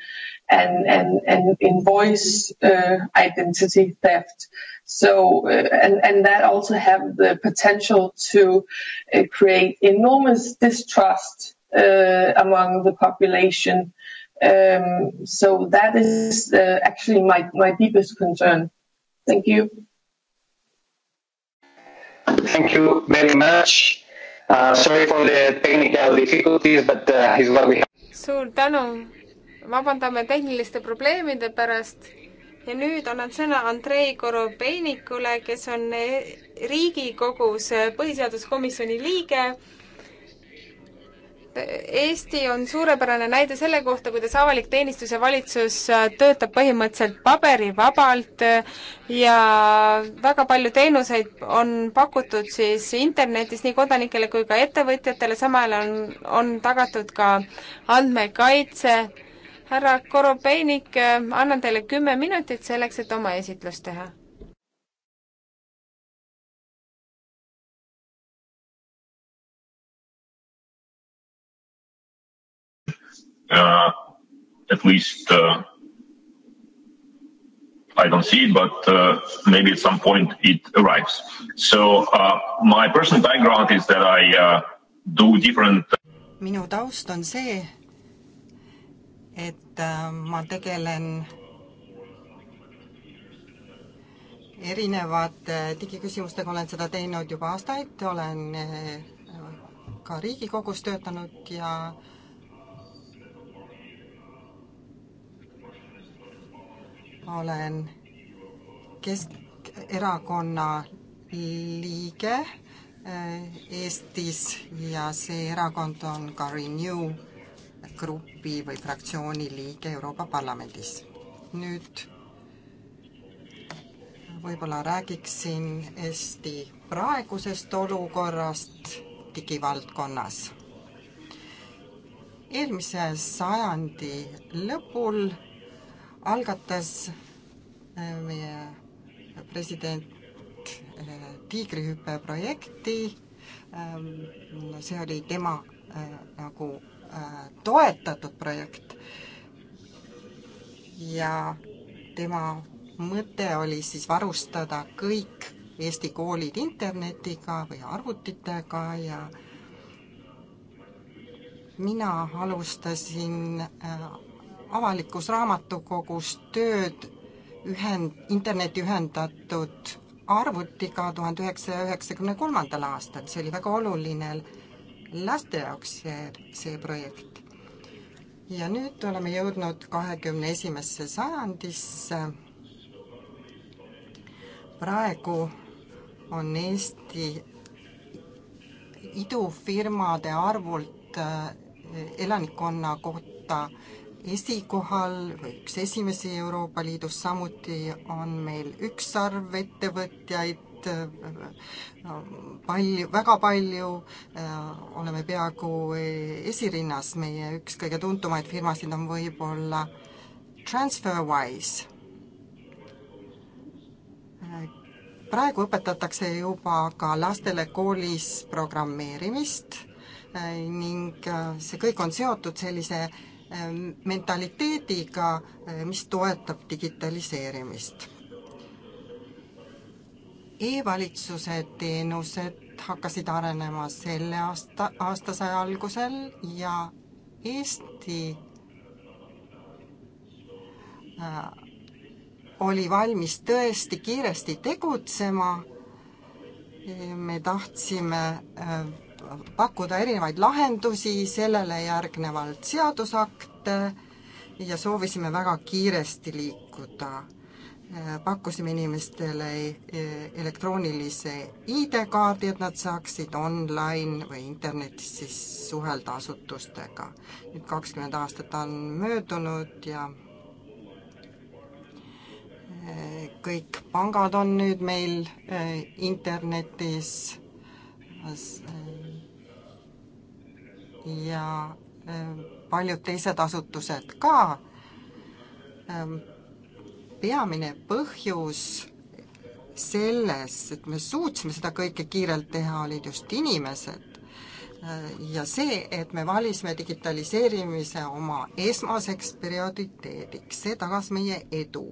and and and in voice uh, identity theft. So uh, and and that also have the potential to uh, create enormous distrust uh, among the population. Um, so that is uh, actually my my deepest concern. Thank you. Thank you very much. Uh, sorry for the technical difficulties, but uh, is what we have. suur tänu. vabandame tehniliste probleemide pärast ja nüüd annan sõna Andrei Korobeinikule, kes on e-, Riigikogus põhiseaduskomisjoni liige Eesti on suurepärane näide selle kohta, kuidas avalik teenistus ja valitsus äh, töötab põhimõtteliselt paberivabalt äh, ja väga palju teenuseid on pakutud siis internetis nii kodanikele kui ka ettevõtjatele, samal ajal on, on tagatud ka andmekaitse. härra Korobeinik, äh, annan teile kümme minutit selleks, et oma esitlust teha Uh, at least uh, I don't see it, but uh, maybe at some point it arrives. So uh, my personal background is that I uh, do different. Uh, minu taust on see, et ma tegelen erinevate digiküsimustega, olen seda teinud juba aastaid, olen äh, ka Riigikogus töötanud ja äh, ma olen Keskerakonna liige äh, Eestis ja see erakond on ka Renew grupi või fraktsiooni liige Euroopa Parlamendis. nüüd võib-olla räägiksin Eesti praegusest olukorrast digivaldkonnas. eelmise sajandi lõpul algatas äh, meie president äh, tiigrihüppe projekti, ähm, see oli tema äh, nagu toetatud projekt ja tema mõte oli siis varustada kõik Eesti koolid internetiga või arvutitega ja mina alustasin avalikus raamatukogus tööd ühend, interneti ühendatud arvutiga tuhande üheksasaja üheksakümne kolmandal aastal, see oli väga oluline laste jaoks, see, see projekt. ja nüüd oleme jõudnud kahekümne esimesse sajandisse, praegu on Eesti idufirmade arvult äh, elanikkonna kohta esikohal või üks esimesi Euroopa Liidus, samuti on meil ükssarv ettevõtjaid, palju, väga palju, äh, oleme peaaegu esirinnas, meie üks kõige tuntumaid firmasid on võib-olla TransferWise. praegu õpetatakse juba ka lastele koolis programmeerimist äh, ning äh, see kõik on seotud sellise Ähm, mentaliteediga, äh, mis toetab digitaliseerimist. E-valitsuse teenused hakkasid arenema selle aasta, aastasaja algusel ja Eesti äh, oli valmis tõesti kiiresti tegutsema, me tahtsime äh, pakkuda erinevaid lahendusi, sellele järgnevalt seadusakte ja soovisime väga kiiresti liikuda. pakkusime inimestele e-, e-, elektroonilise ID-kaardi, et nad saaksid online või internetis siis suhelda asutustega. nüüd kakskümmend aastat on möödunud ja e, kõik pangad on nüüd meil internetis ja ähm, paljud teised asutused ka. Ähm, peamine põhjus selles, et me suutsime seda kõike kiirelt teha, olid just inimesed. Äh, ja see, et me valisime digitaliseerimise oma esmaseks prioriteediks, see tagas meie edu.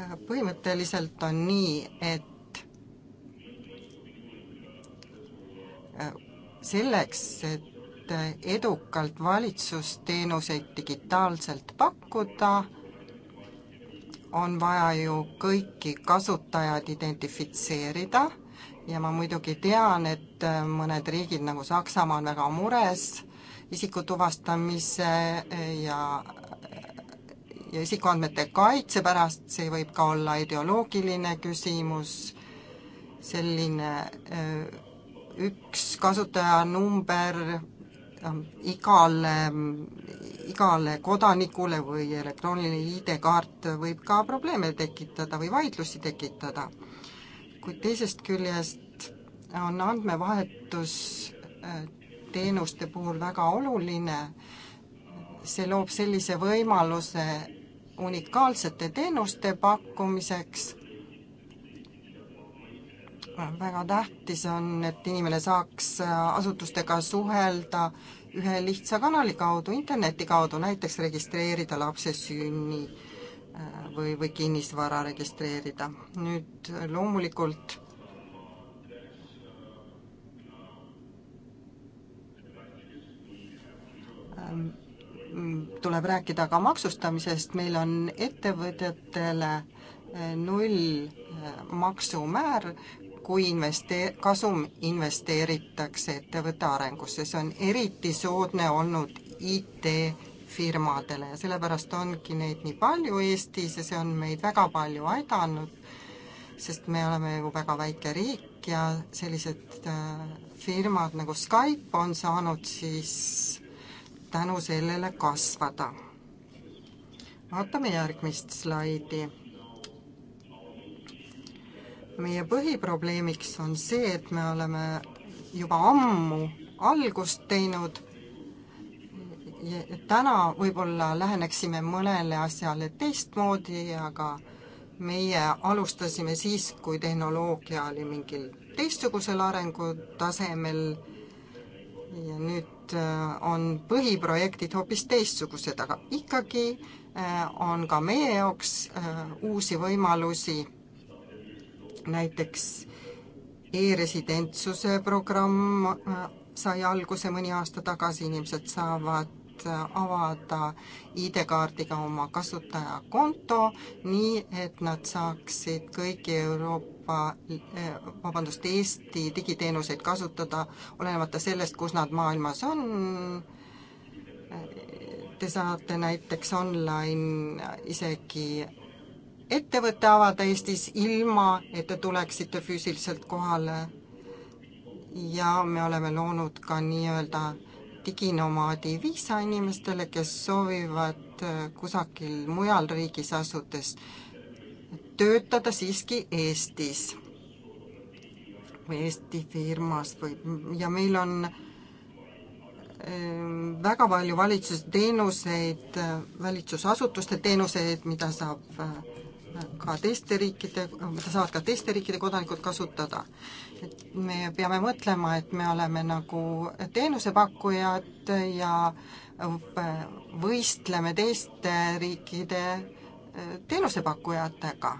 Äh, põhimõtteliselt on nii, et selleks, et edukalt valitsusteenuseid digitaalselt pakkuda, on vaja ju kõiki kasutajad identifitseerida ja ma muidugi tean, et mõned riigid nagu Saksamaa on väga mures isikutuvastamise ja ja isikuandmete kaitse pärast, see võib ka olla ideoloogiline küsimus, selline öö, äh, üks kasutajanumber ähm, igale, igale kodanikule või elektrooniline ID-kaart võib ka probleeme tekitada või vaidlusi tekitada. kuid teisest küljest on andmevahetus äh, teenuste puhul väga oluline, see loob sellise võimaluse unikaalsete teenuste pakkumiseks väga tähtis on, et inimene saaks äh, asutustega suhelda ühe lihtsa kanali kaudu, interneti kaudu, näiteks registreerida lapse sünni äh, või, või kinnisvara registreerida. nüüd äh, loomulikult ähm, tuleb rääkida ka maksustamisest, meil on ettevõtetele null maksumäär, kui investee-, kasum investeeritakse ettevõtte arengusse, see on eriti soodne olnud IT-firmadele ja sellepärast ongi neid nii palju Eestis ja see on meid väga palju aidanud, sest me oleme ju väga väike riik ja sellised äh, firmad nagu Skype on saanud siis tänu sellele kasvada. vaatame järgmist slaidi meie põhiprobleemiks on see, et me oleme juba ammu algust teinud ja täna võib-olla läheneksime mõnele asjale teistmoodi, aga meie alustasime siis, kui tehnoloogia oli mingil teistsugusel arengutasemel ja nüüd äh, on põhiprojektid hoopis teistsugused, aga ikkagi äh, on ka meie jaoks äh, uusi võimalusi näiteks e-residentsuse programm äh, sai alguse mõni aasta tagasi, inimesed saavad äh, avada ID-kaardiga oma kasutajakonto, nii et nad saaksid kõiki Euroopa, äh, vabandust, Eesti digiteenuseid kasutada, olenemata sellest, kus nad maailmas on. Te saate näiteks online isegi ettevõte avada Eestis ilma, et te tuleksite füüsiliselt kohale. ja me oleme loonud ka nii-öelda diginomaadi viisa inimestele, kes soovivad äh, kusagil mujal riigis asudes töötada siiski Eestis või Eesti firmas või, ja meil on ähm, väga palju valitsuse teenuseid, äh, valitsusasutuste teenuseid, mida saab äh, ka teiste riikide, mida saavad ka teiste riikide kodanikud kasutada. et me peame mõtlema, et me oleme nagu teenusepakkujad ja äh, võistleme teiste riikide äh, teenusepakkujatega.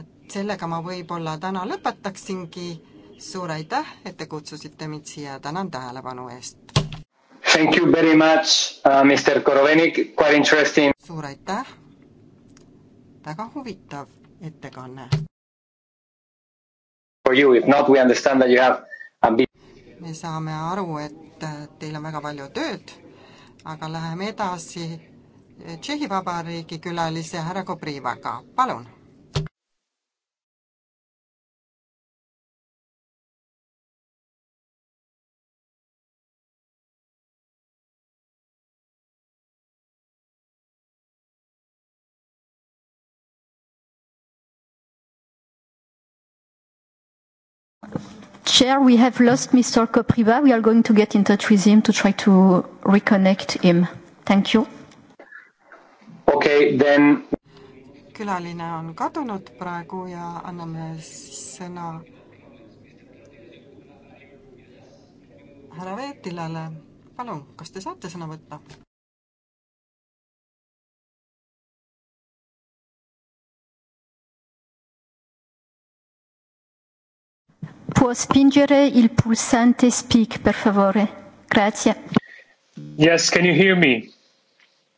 et sellega ma võib-olla täna lõpetaksingi, suur aitäh, et te kutsusite mind siia, tänan tähelepanu eest! Thank you very much uh,, Mr Korovenik, quite interesting! suur aitäh! väga huvitav ettekanne. me saame aru, et äh, teil on väga palju tööd, aga läheme edasi äh, Tšehhi Vabariigi külalise härra Kobrivaga, palun Chair, we have lost Mr. Kopriva. We are going to get in touch with him to try to reconnect him. Thank you. Okay, then. külaline on kadunud praegu ja anname sõna härra Veetilale. palun, kas te saate sõna võtta? Può spingere il pulsante speak, per favore? Grazie. Yes, can you hear me?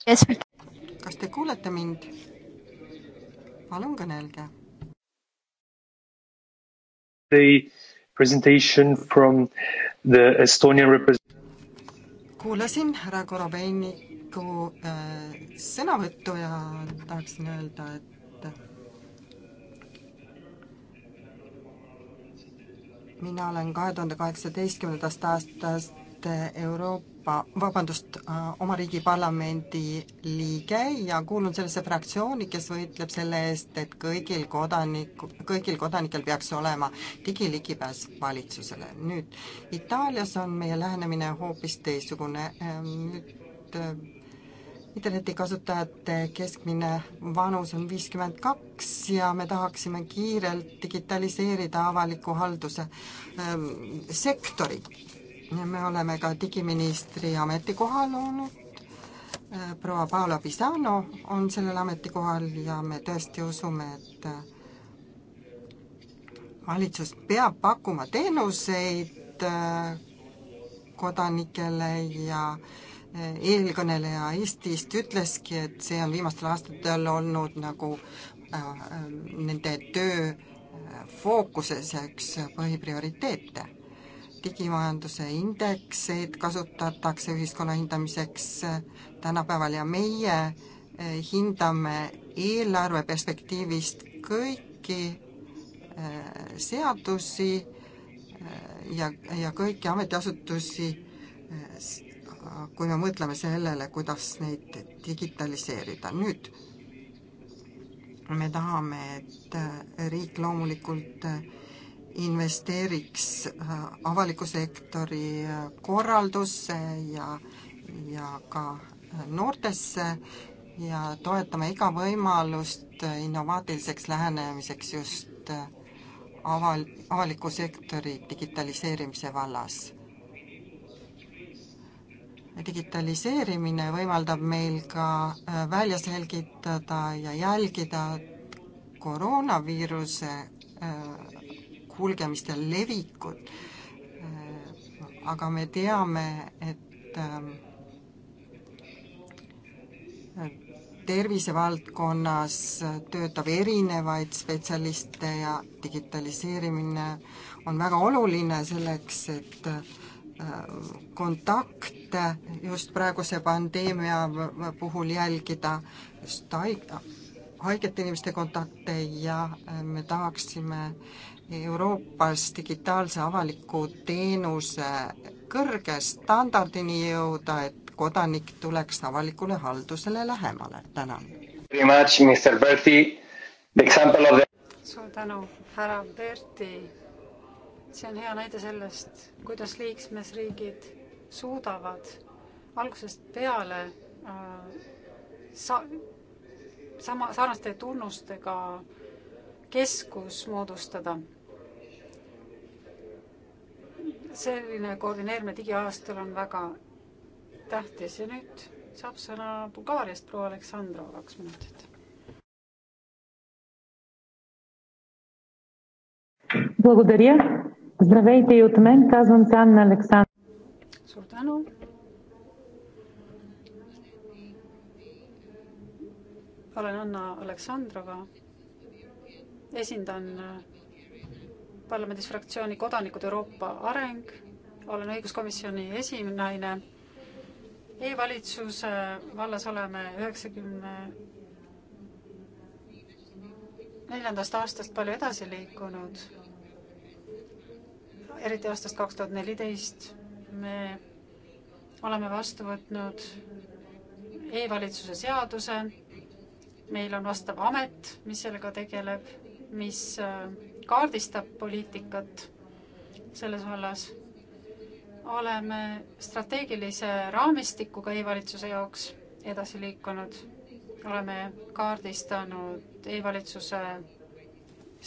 Yes, we can. kas te kuulete mind? palun kõnelge. The presentation from the Estonian representative. kuulasin härra Korobeiniku äh, sõnavõttu ja tahaksin öelda, et mina olen kahe tuhande kaheksateistkümnendast aastast äh, Euroopa, vabandust, äh, oma riigi parlamendi liige ja kuulun sellesse fraktsiooni, kes võitleb selle eest, et kõigil kodaniku, kõigil kodanikel peaks olema digiligipääs valitsusele. nüüd Itaalias on meie lähenemine hoopis teistsugune, äh, nüüd internetikasutajate keskmine vanus on viiskümmend kaks ja me tahaksime kiirelt digitaliseerida avaliku halduse ähm, sektori. me oleme ka digiministri ametikoha loonud, äh, proua Paolo Pisano on sellel ametikohal ja me tõesti usume, et äh, valitsus peab pakkuma teenuseid äh, kodanikele ja äh, eelkõneleja Eestist ütleski, et see on viimastel aastatel olnud nagu äh, nende töö äh, fookuses ja üks äh, põhiprioriteete. digimajanduse indekseid kasutatakse ühiskonna hindamiseks tänapäeval ja meie hindame eelarve perspektiivist kõiki seadusi ja, ja kõiki ametiasutusi kui me mõtleme sellele, kuidas neid digitaliseerida. nüüd me tahame, et äh, riik loomulikult äh, investeeriks äh, avaliku sektori korraldusse ja, ja ka noortesse ja toetame iga võimalust innovaatiliseks lähenemiseks just aval, avaliku sektori digitaliseerimise vallas digitaliseerimine võimaldab meil ka äh, välja selgitada ja jälgida koroonaviiruse äh, kulgemist ja levikut. Äh, aga me teame, et ähm, tervisevaldkonnas töötab erinevaid spetsialiste ja digitaliseerimine on väga oluline selleks, et kontakte just praeguse pandeemia puhul jälgida, just haigete inimeste kontakte ja äh, me tahaksime Euroopas digitaalse avaliku teenuse kõrge standardini jõuda, et kodanik tuleks avalikule haldusele lähemale. tänan. suur tänu, härra Berti see on hea näide sellest, kuidas liikmesriigid suudavad algusest peale äh, sa-, sama, sarnaste tunnustega keskus moodustada. selline koordineerimine digiaastal on väga tähtis ja nüüd saab sõna Bulgaariast proua Aleksandrova, kaks minutit. Благодаря. Здравейте и от мен, казвам се Анна Александр. Suur tänu. olen Anna Aleksandrova, esindan äh, parlamendis fraktsiooni Kodanikud Euroopa Areng, olen õiguskomisjoni esinaine e. e-valitsuse vallas oleme üheksakümne neljandast aastast palju edasi liikunud eriti aastast kaks tuhat neliteist me oleme vastu võtnud e-valitsuse seaduse, meil on vastav amet, mis sellega tegeleb, mis äh, kaardistab poliitikat selles vallas. oleme strateegilise raamistikuga e-valitsuse jaoks edasi liikunud, oleme kaardistanud e-valitsuse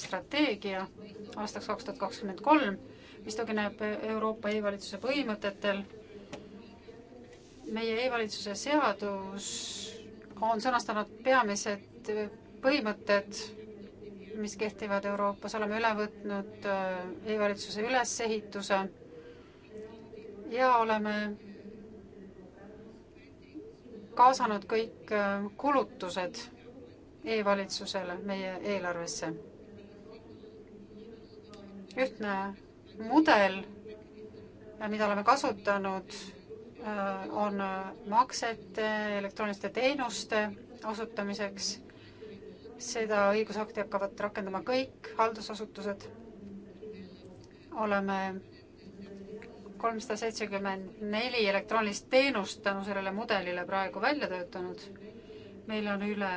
strateegia aastaks kaks tuhat kakskümmend kolm mis tugineb Euroopa e-valitsuse põhimõtetel. meie e-valitsuse seadus on sõnastanud peamised põhimõtted, mis kehtivad Euroopas, oleme üle võtnud äh, e-valitsuse ülesehituse ja oleme kaasanud kõik äh, kulutused e-valitsusele meie eelarvesse. ühtne mudel, äh, mida oleme kasutanud, äh, on äh, maksete, elektrooniliste teenuste osutamiseks. seda õigusakti hakkavad rakendama kõik haldusasutused. oleme kolmsada seitsekümmend neli elektroonilist teenust tänu sellele mudelile praegu välja töötanud. meil on üle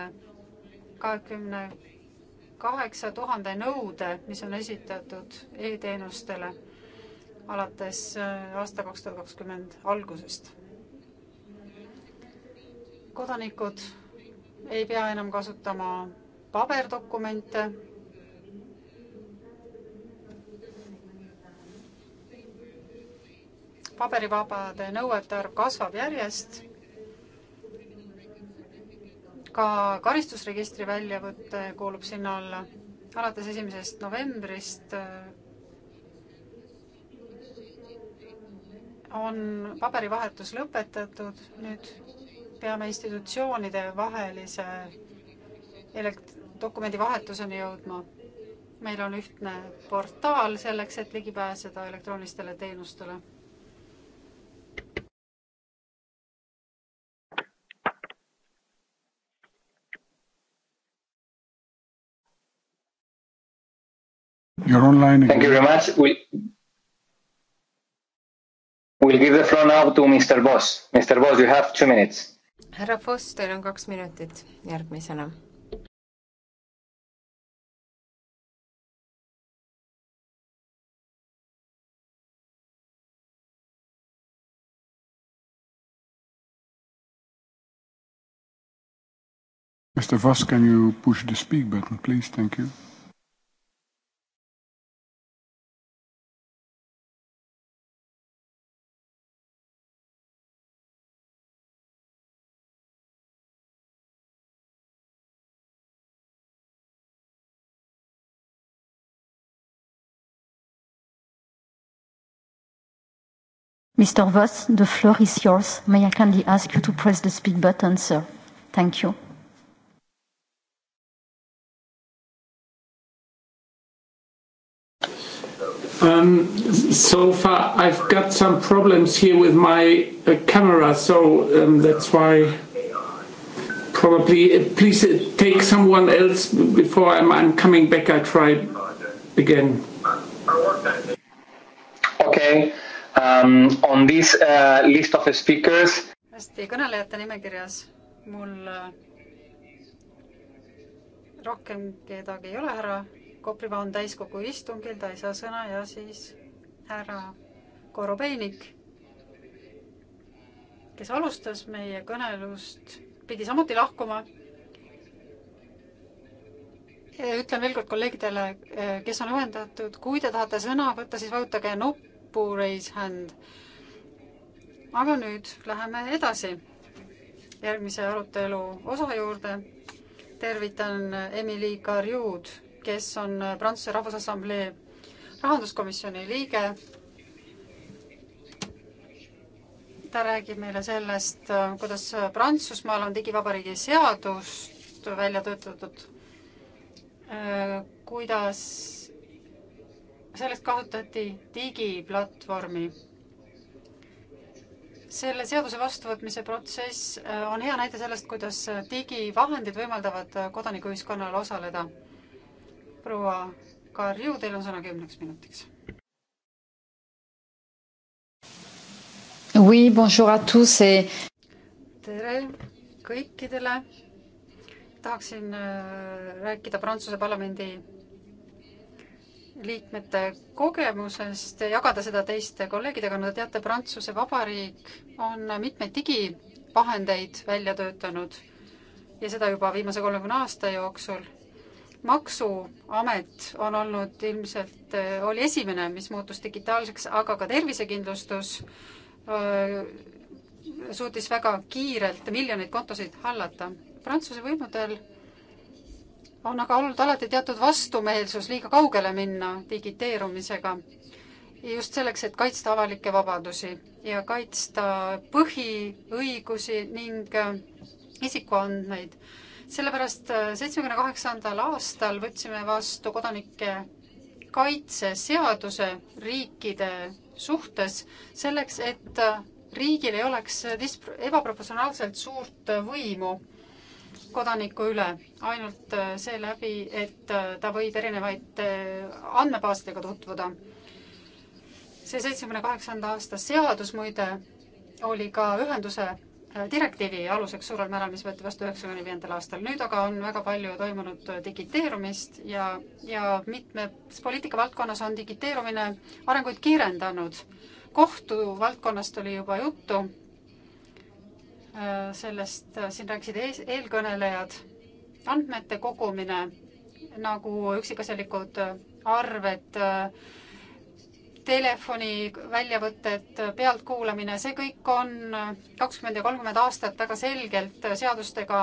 kahekümne kaheksa tuhande nõude, mis on esitatud e-teenustele alates äh, aasta kaks tuhat kakskümmend algusest. kodanikud ei pea enam kasutama paberdokumente. paberivabade nõuete arv kasvab järjest ka karistusregistri väljavõte kuulub sinna alla. alates esimesest novembrist äh, on paberivahetus lõpetatud, nüüd peame institutsioonide vahelise elekt-, dokumendivahetuseni jõudma. meil on ühtne portaal selleks, et ligi pääseda elektroonilistele teenustele. You're online. Again. Thank you very much. We'll, we'll give the floor now to Mr Boss. Mr Boss, you have two minutes. härra Boss, teil on kaks minutit järgmisena Mr. Voss, can you push the speak button, please? Thank you. Mr. Voss, the floor is yours. May I kindly ask you to press the speak button, sir? Thank you. Um, so far, I've got some problems here with my uh, camera, so um, that's why probably uh, please uh, take someone else before I'm, I'm coming back. I try again. Okay um, on this uh, list of speakers. hästi, kõnelejate nimekirjas mul äh, rohkem kedagi ei ole, härra Kopriva on täiskogu istungil, ta ei saa sõna ja siis härra Korobeinik, kes alustas meie kõnelust, pidi samuti lahkuma. ütlen veel kord kolleegidele, äh, kes on ühendatud, kui te tahate sõna võtta, siis vajutage nupp äppu raise hand. aga nüüd läheme edasi järgmise arutelu osa juurde. tervitan Emily Carjud, kes on Prantsuse Rahvusassamblee rahanduskomisjoni liige. ta räägib meile sellest, kuidas Prantsusmaal on digivabariigi seadust välja töötatud kuidas sellest kasutati digiplatvormi. selle seaduse vastuvõtmise protsess äh, on hea näide sellest, kuidas äh, digivahendid võimaldavad äh, kodanikuühiskonnal osaleda. proua Karju, teil on sõna kümneks minutiks Oui, bonjour à tous et... tere kõikidele. tahaksin rääkida Prantsuse parlamendi liikmete kogemusest ja jagada seda teiste kolleegidega, no nagu te teate, Prantsuse Vabariik on mitmeid digivahendeid välja töötanud ja seda juba viimase kolmekümne aasta jooksul. maksuamet on olnud ilmselt, oli esimene, mis muutus digitaalseks, aga ka tervisekindlustus öö, äh, suutis väga kiirelt miljoneid kontosid hallata. Prantsuse võimudel on aga olnud alati teatud vastumeelsus liiga kaugele minna digiteerumisega. just selleks, et kaitsta avalikke vabadusi ja kaitsta põhiõigusi ning äh, isikuandmeid. sellepärast äh, seitsmekümne kaheksandal aastal võtsime vastu kodanike kaitseseaduse riikide suhtes selleks, et äh, riigil ei oleks dis-, ebaproportsionaalselt suurt võimu kodaniku üle ainult äh, seeläbi, et äh, ta võib erinevaid äh, andmebaasidega tutvuda. see seitsmekümne kaheksanda aasta seadus muide oli ka ühenduse direktiivi aluseks suurel määral, mis võeti vastu üheksakümne viiendal aastal. nüüd aga on väga palju toimunud digiteerumist ja, ja mitmes poliitikavaldkonnas on digiteerumine arenguid kiirendanud. kohtu valdkonnast oli juba juttu Äh, sellest äh, siin rääkisid ees, eelkõnelejad, andmete kogumine nagu üksikasjalikud äh, arved, telefoni väljavõtted, pealtkuulamine, see kõik on kakskümmend ja kolmkümmend aastat väga selgelt seadustega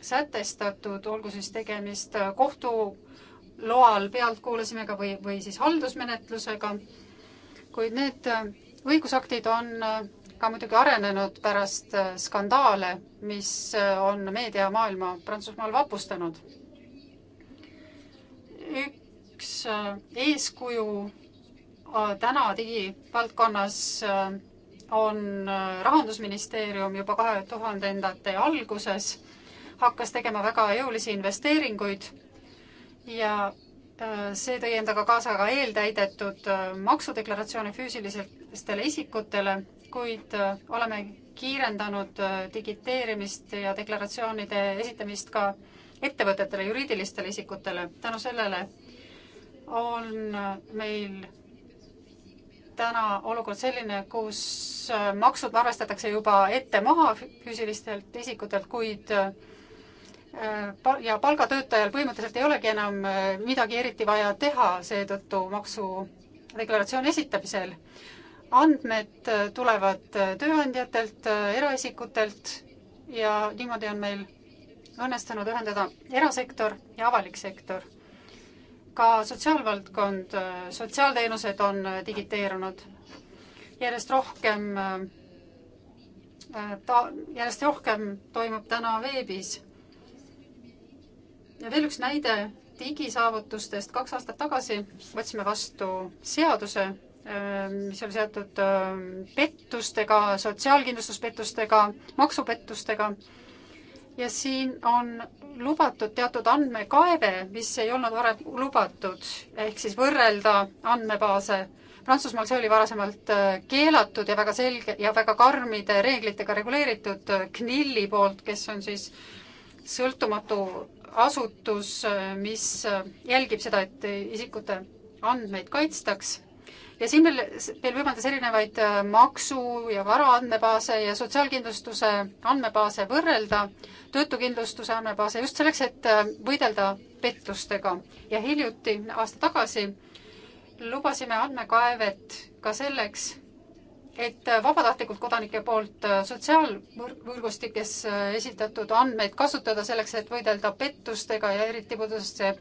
sätestatud, olgu siis tegemist kohtu loal pealtkuulamisega või, või siis haldusmenetlusega. kuid need õigusaktid on ka muidugi arenenud pärast äh, skandaale, mis äh, on meediamaailma Prantsusmaal vapustanud. üks äh, eeskuju täna digivaldkonnas on Rahandusministeerium juba kahe tuhandendate alguses hakkas tegema väga jõulisi investeeringuid ja see tõi endaga kaasa ka eeltäidetud maksudeklaratsioone füüsilistele isikutele kuid äh, oleme kiirendanud äh, digiteerimist ja deklaratsioonide esitamist ka ettevõtetele, juriidilistele isikutele. tänu sellele on äh, meil täna olukord selline, kus maksud arvestatakse juba ette maha füüsilistelt isikutelt, kuid ja palgatöötajal põhimõtteliselt ei olegi enam midagi eriti vaja teha seetõttu maksudeklaratsiooni esitamisel andmed äh, tulevad äh, tööandjatelt, äh, eraisikutelt ja niimoodi on meil õnnestunud ühendada erasektor ja avalik sektor. ka sotsiaalvaldkond, sotsiaalteenused on digiteerunud järjest rohkem ta-, järjest rohkem toimub täna veebis. ja veel üks näide digisaavutustest. kaks aastat tagasi võtsime vastu seaduse, Ehm, mis on seotud ehm, pettustega, sotsiaalkindlustuspettustega, maksupettustega ja siin on lubatud teatud andmekaeve, mis ei olnud varem lubatud, ehk siis võrrelda andmebaase. Prantsusmaal see oli varasemalt ehm, keelatud ja väga selge ja väga karmide reeglitega reguleeritud CNIL-i poolt, kes on siis sõltumatu asutus, mis jälgib seda, et isikute andmeid kaitstaks ja siin veel, veel võimaldas erinevaid äh, maksu- ja varaandmebaase ja sotsiaalkindlustuse andmebaase võrrelda, töötukindlustuse andmebaase, just selleks, et äh, võidelda pettustega. ja hiljuti, aasta tagasi, lubasime andmekaevet ka selleks, et äh, vabatahtlikult kodanike poolt sotsiaalvõrgustikes esitatud andmeid kasutada selleks, et võidelda pettustega ja eriti puudutas see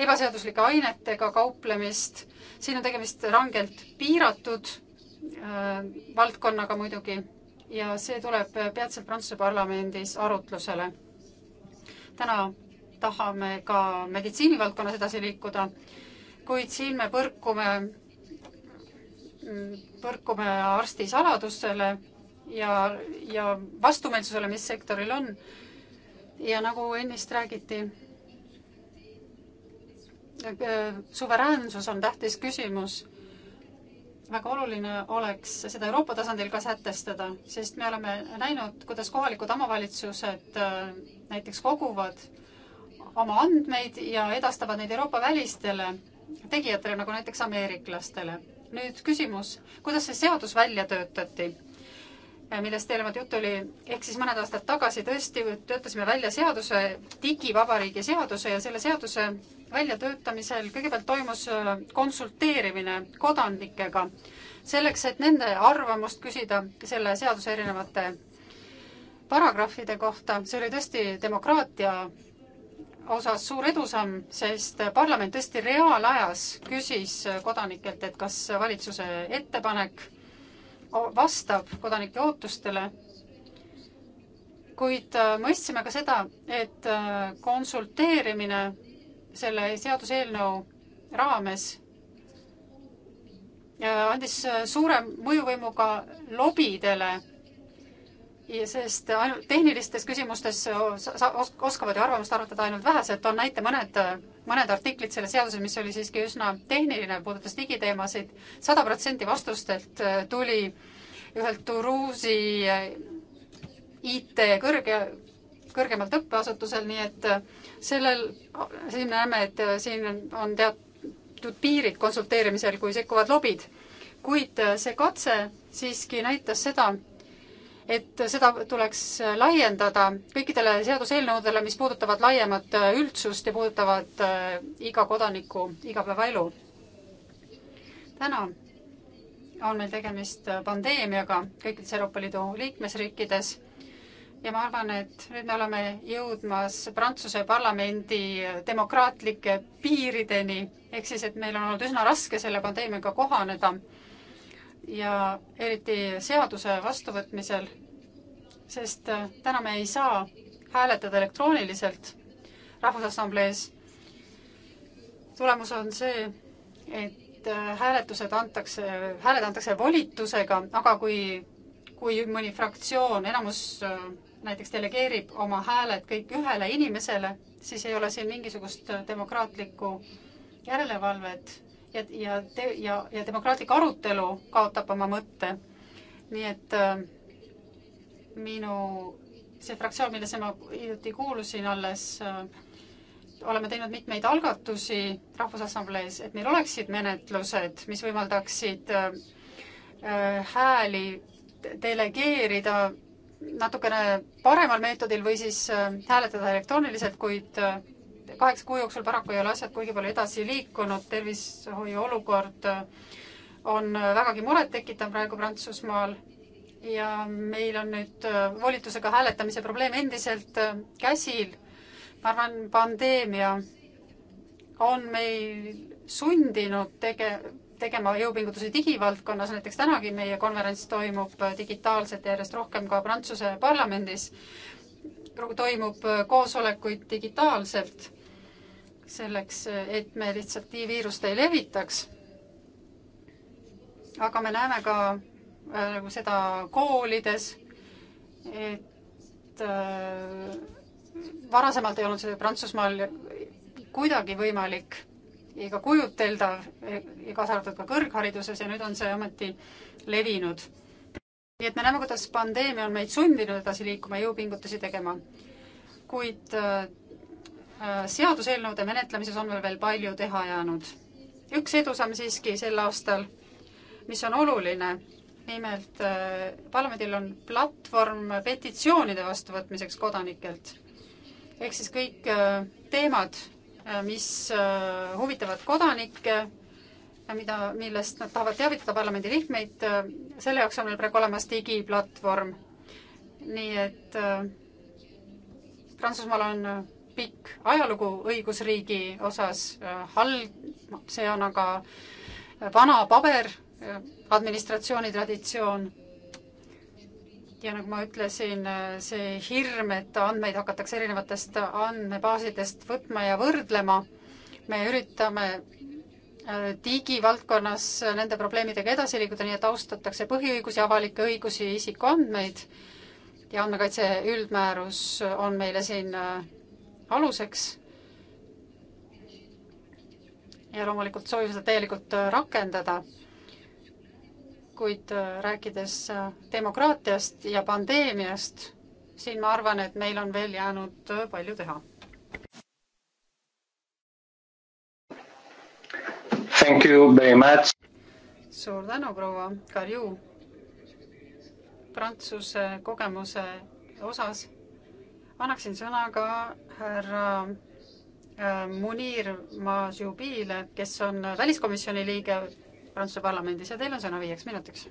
ebaseaduslike ainetega kauplemist. siin on tegemist rangelt piiratud äh, valdkonnaga muidugi ja see tuleb peatselt Prantsuse parlamendis arutlusele. täna tahame ka meditsiinivaldkonnas edasi liikuda, kuid siin me põrkume, põrkume arsti saladusele ja, ja vastumeelsusele, mis sektoril on. ja nagu ennist räägiti suveräänsus on tähtis küsimus. väga oluline oleks seda Euroopa tasandil ka sätestada, sest me oleme näinud, kuidas kohalikud omavalitsused äh, näiteks koguvad oma andmeid ja edastavad neid Euroopa välistele tegijatele, nagu näiteks ameeriklastele. nüüd küsimus, kuidas see seadus välja töötati? millest eelnevalt juttu oli, ehk siis mõned aastad tagasi tõesti töötasime välja seaduse, digivabariigi seaduse ja selle seaduse väljatöötamisel kõigepealt toimus äh, konsulteerimine kodanikega selleks, et nende arvamust küsida selle seaduse erinevate paragrahvide kohta, see oli tõesti demokraatia osas suur edusamm, sest parlament tõesti reaalajas küsis kodanikelt, et kas valitsuse ettepanek vastab kodanike ootustele. kuid äh, mõistsime ka seda, et äh, konsulteerimine selle seaduseelnõu raames andis äh, suure mõjuvõimuga lobidele, sest ainult tehnilistes küsimustes oskavad ju arvamust arvutada ainult vähesed, toon näite mõned, mõned artiklid selles seaduses, mis oli siiski üsna tehniline, puudutas digiteemasid, sada protsenti vastustelt äh, tuli ühelt Turuusi äh, IT kõrge kõrgemalt õppeasutusel, nii et äh, sellel, siin näeme, et äh, siin on teatud piirid konsulteerimisel, kui sekkuvad lobid. kuid äh, see katse siiski näitas seda, et seda tuleks laiendada kõikidele seaduseelnõudele, mis puudutavad laiemat üldsust ja puudutavad iga kodaniku igapäevaelu. täna on meil tegemist pandeemiaga kõikides Euroopa Liidu liikmesriikides ja ma arvan, et nüüd me oleme jõudmas Prantsuse parlamendi demokraatlike piirideni, ehk siis, et meil on olnud üsna raske selle pandeemiaga kohaneda ja eriti seaduse vastuvõtmisel, sest äh, täna me ei saa hääletada elektrooniliselt Rahvusassamblees. tulemus on see, et äh, hääletused antakse, hääled antakse volitusega, aga kui kui mõni fraktsioon, enamus äh, näiteks delegeerib oma hääled kõik ühele inimesele, siis ei ole siin mingisugust äh, demokraatlikku järelevalvet ja, ja, ja, ja demokraatlik arutelu kaotab oma mõtte. nii et äh, minu, see fraktsioon, millesse ma hiljuti kuulusin alles äh,, oleme teinud mitmeid algatusi Rahvusassamblees, et meil oleksid menetlused, mis võimaldaksid äh, äh hääli delegeerida natukene paremal meetodil või siis äh, hääletada elektrooniliselt, kuid äh, kaheksa kuu jooksul paraku ei ole asjad kuigi palju edasi liikunud, tervishoiu olukord äh, on vägagi murettekitav praegu Prantsusmaal ja meil on nüüd volitusega hääletamise probleem endiselt käsil. ma arvan, pandeemia on meil sundinud tege-, tegema jõupingutusi digivaldkonnas, näiteks tänagi meie konverents toimub äh, digitaalselt ja järjest rohkem ka Prantsuse parlamendis. toimub äh, koosolekuid digitaalselt selleks, äh, et me lihtsalt viirust ei levitaks. aga me näeme ka nagu äh, seda koolides, et äh, varasemalt ei olnud see Prantsusmaal kuidagi võimalik ega kujuteldav, e-, kaasa arvatud ka kõrghariduses ja nüüd on see ometi levinud. nii et me näeme, kuidas pandeemia on meid sundinud edasi liikuma, jõupingutusi tegema. kuid äh, äh seaduseelnõude menetlemises on meil veel palju teha jäänud. üks edusamm siiski sel aastal, mis on oluline, nimelt äh, parlamendil on platvorm petitsioonide vastuvõtmiseks kodanikelt. ehk siis kõik äh, teemad, mis äh, huvitavad kodanikke, mida, millest nad tahavad teavitada parlamendi liikmeid, äh, selle jaoks on meil praegu olemas digiplatvorm. nii et äh, Prantsusmaal on pikk ajalugu õigusriigi osas, halb, noh, see on aga vana paber, administratsiooni traditsioon ja nagu ma ütlesin, see hirm, et andmeid hakatakse erinevatest andmebaasidest võtma ja võrdlema, me üritame äh, digivaldkonnas nende probleemidega edasi liikuda, nii et austatakse põhiõigusi, avalikke õigusi, isikuandmeid ja andmekaitse üldmäärus on meile siin äh, aluseks. ja loomulikult soovime seda täielikult äh, rakendada kuid rääkides äh, demokraatiast ja pandeemiast, siin ma arvan, et meil on veel jäänud äh, palju teha. Thank you very much. suur tänu, proua Karju. Prantsuse kogemuse osas annaksin sõna ka härra äh, Munir Masjubile, kes on väliskomisjoni liige Prantsuse parlamendis ja teil on sõna viieks minutiks.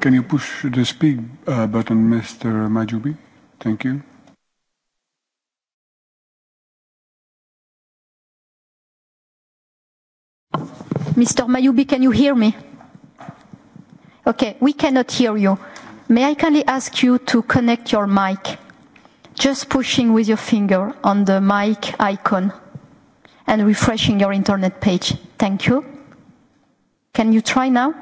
Can you push the speak uh, button, Mr. Majubi? Thank you. Mr. Mayubi, can you hear me? Okay, we cannot hear you. May I kindly ask you to connect your mic, just pushing with your finger on the mic icon and refreshing your internet page. Thank you. Can you try now?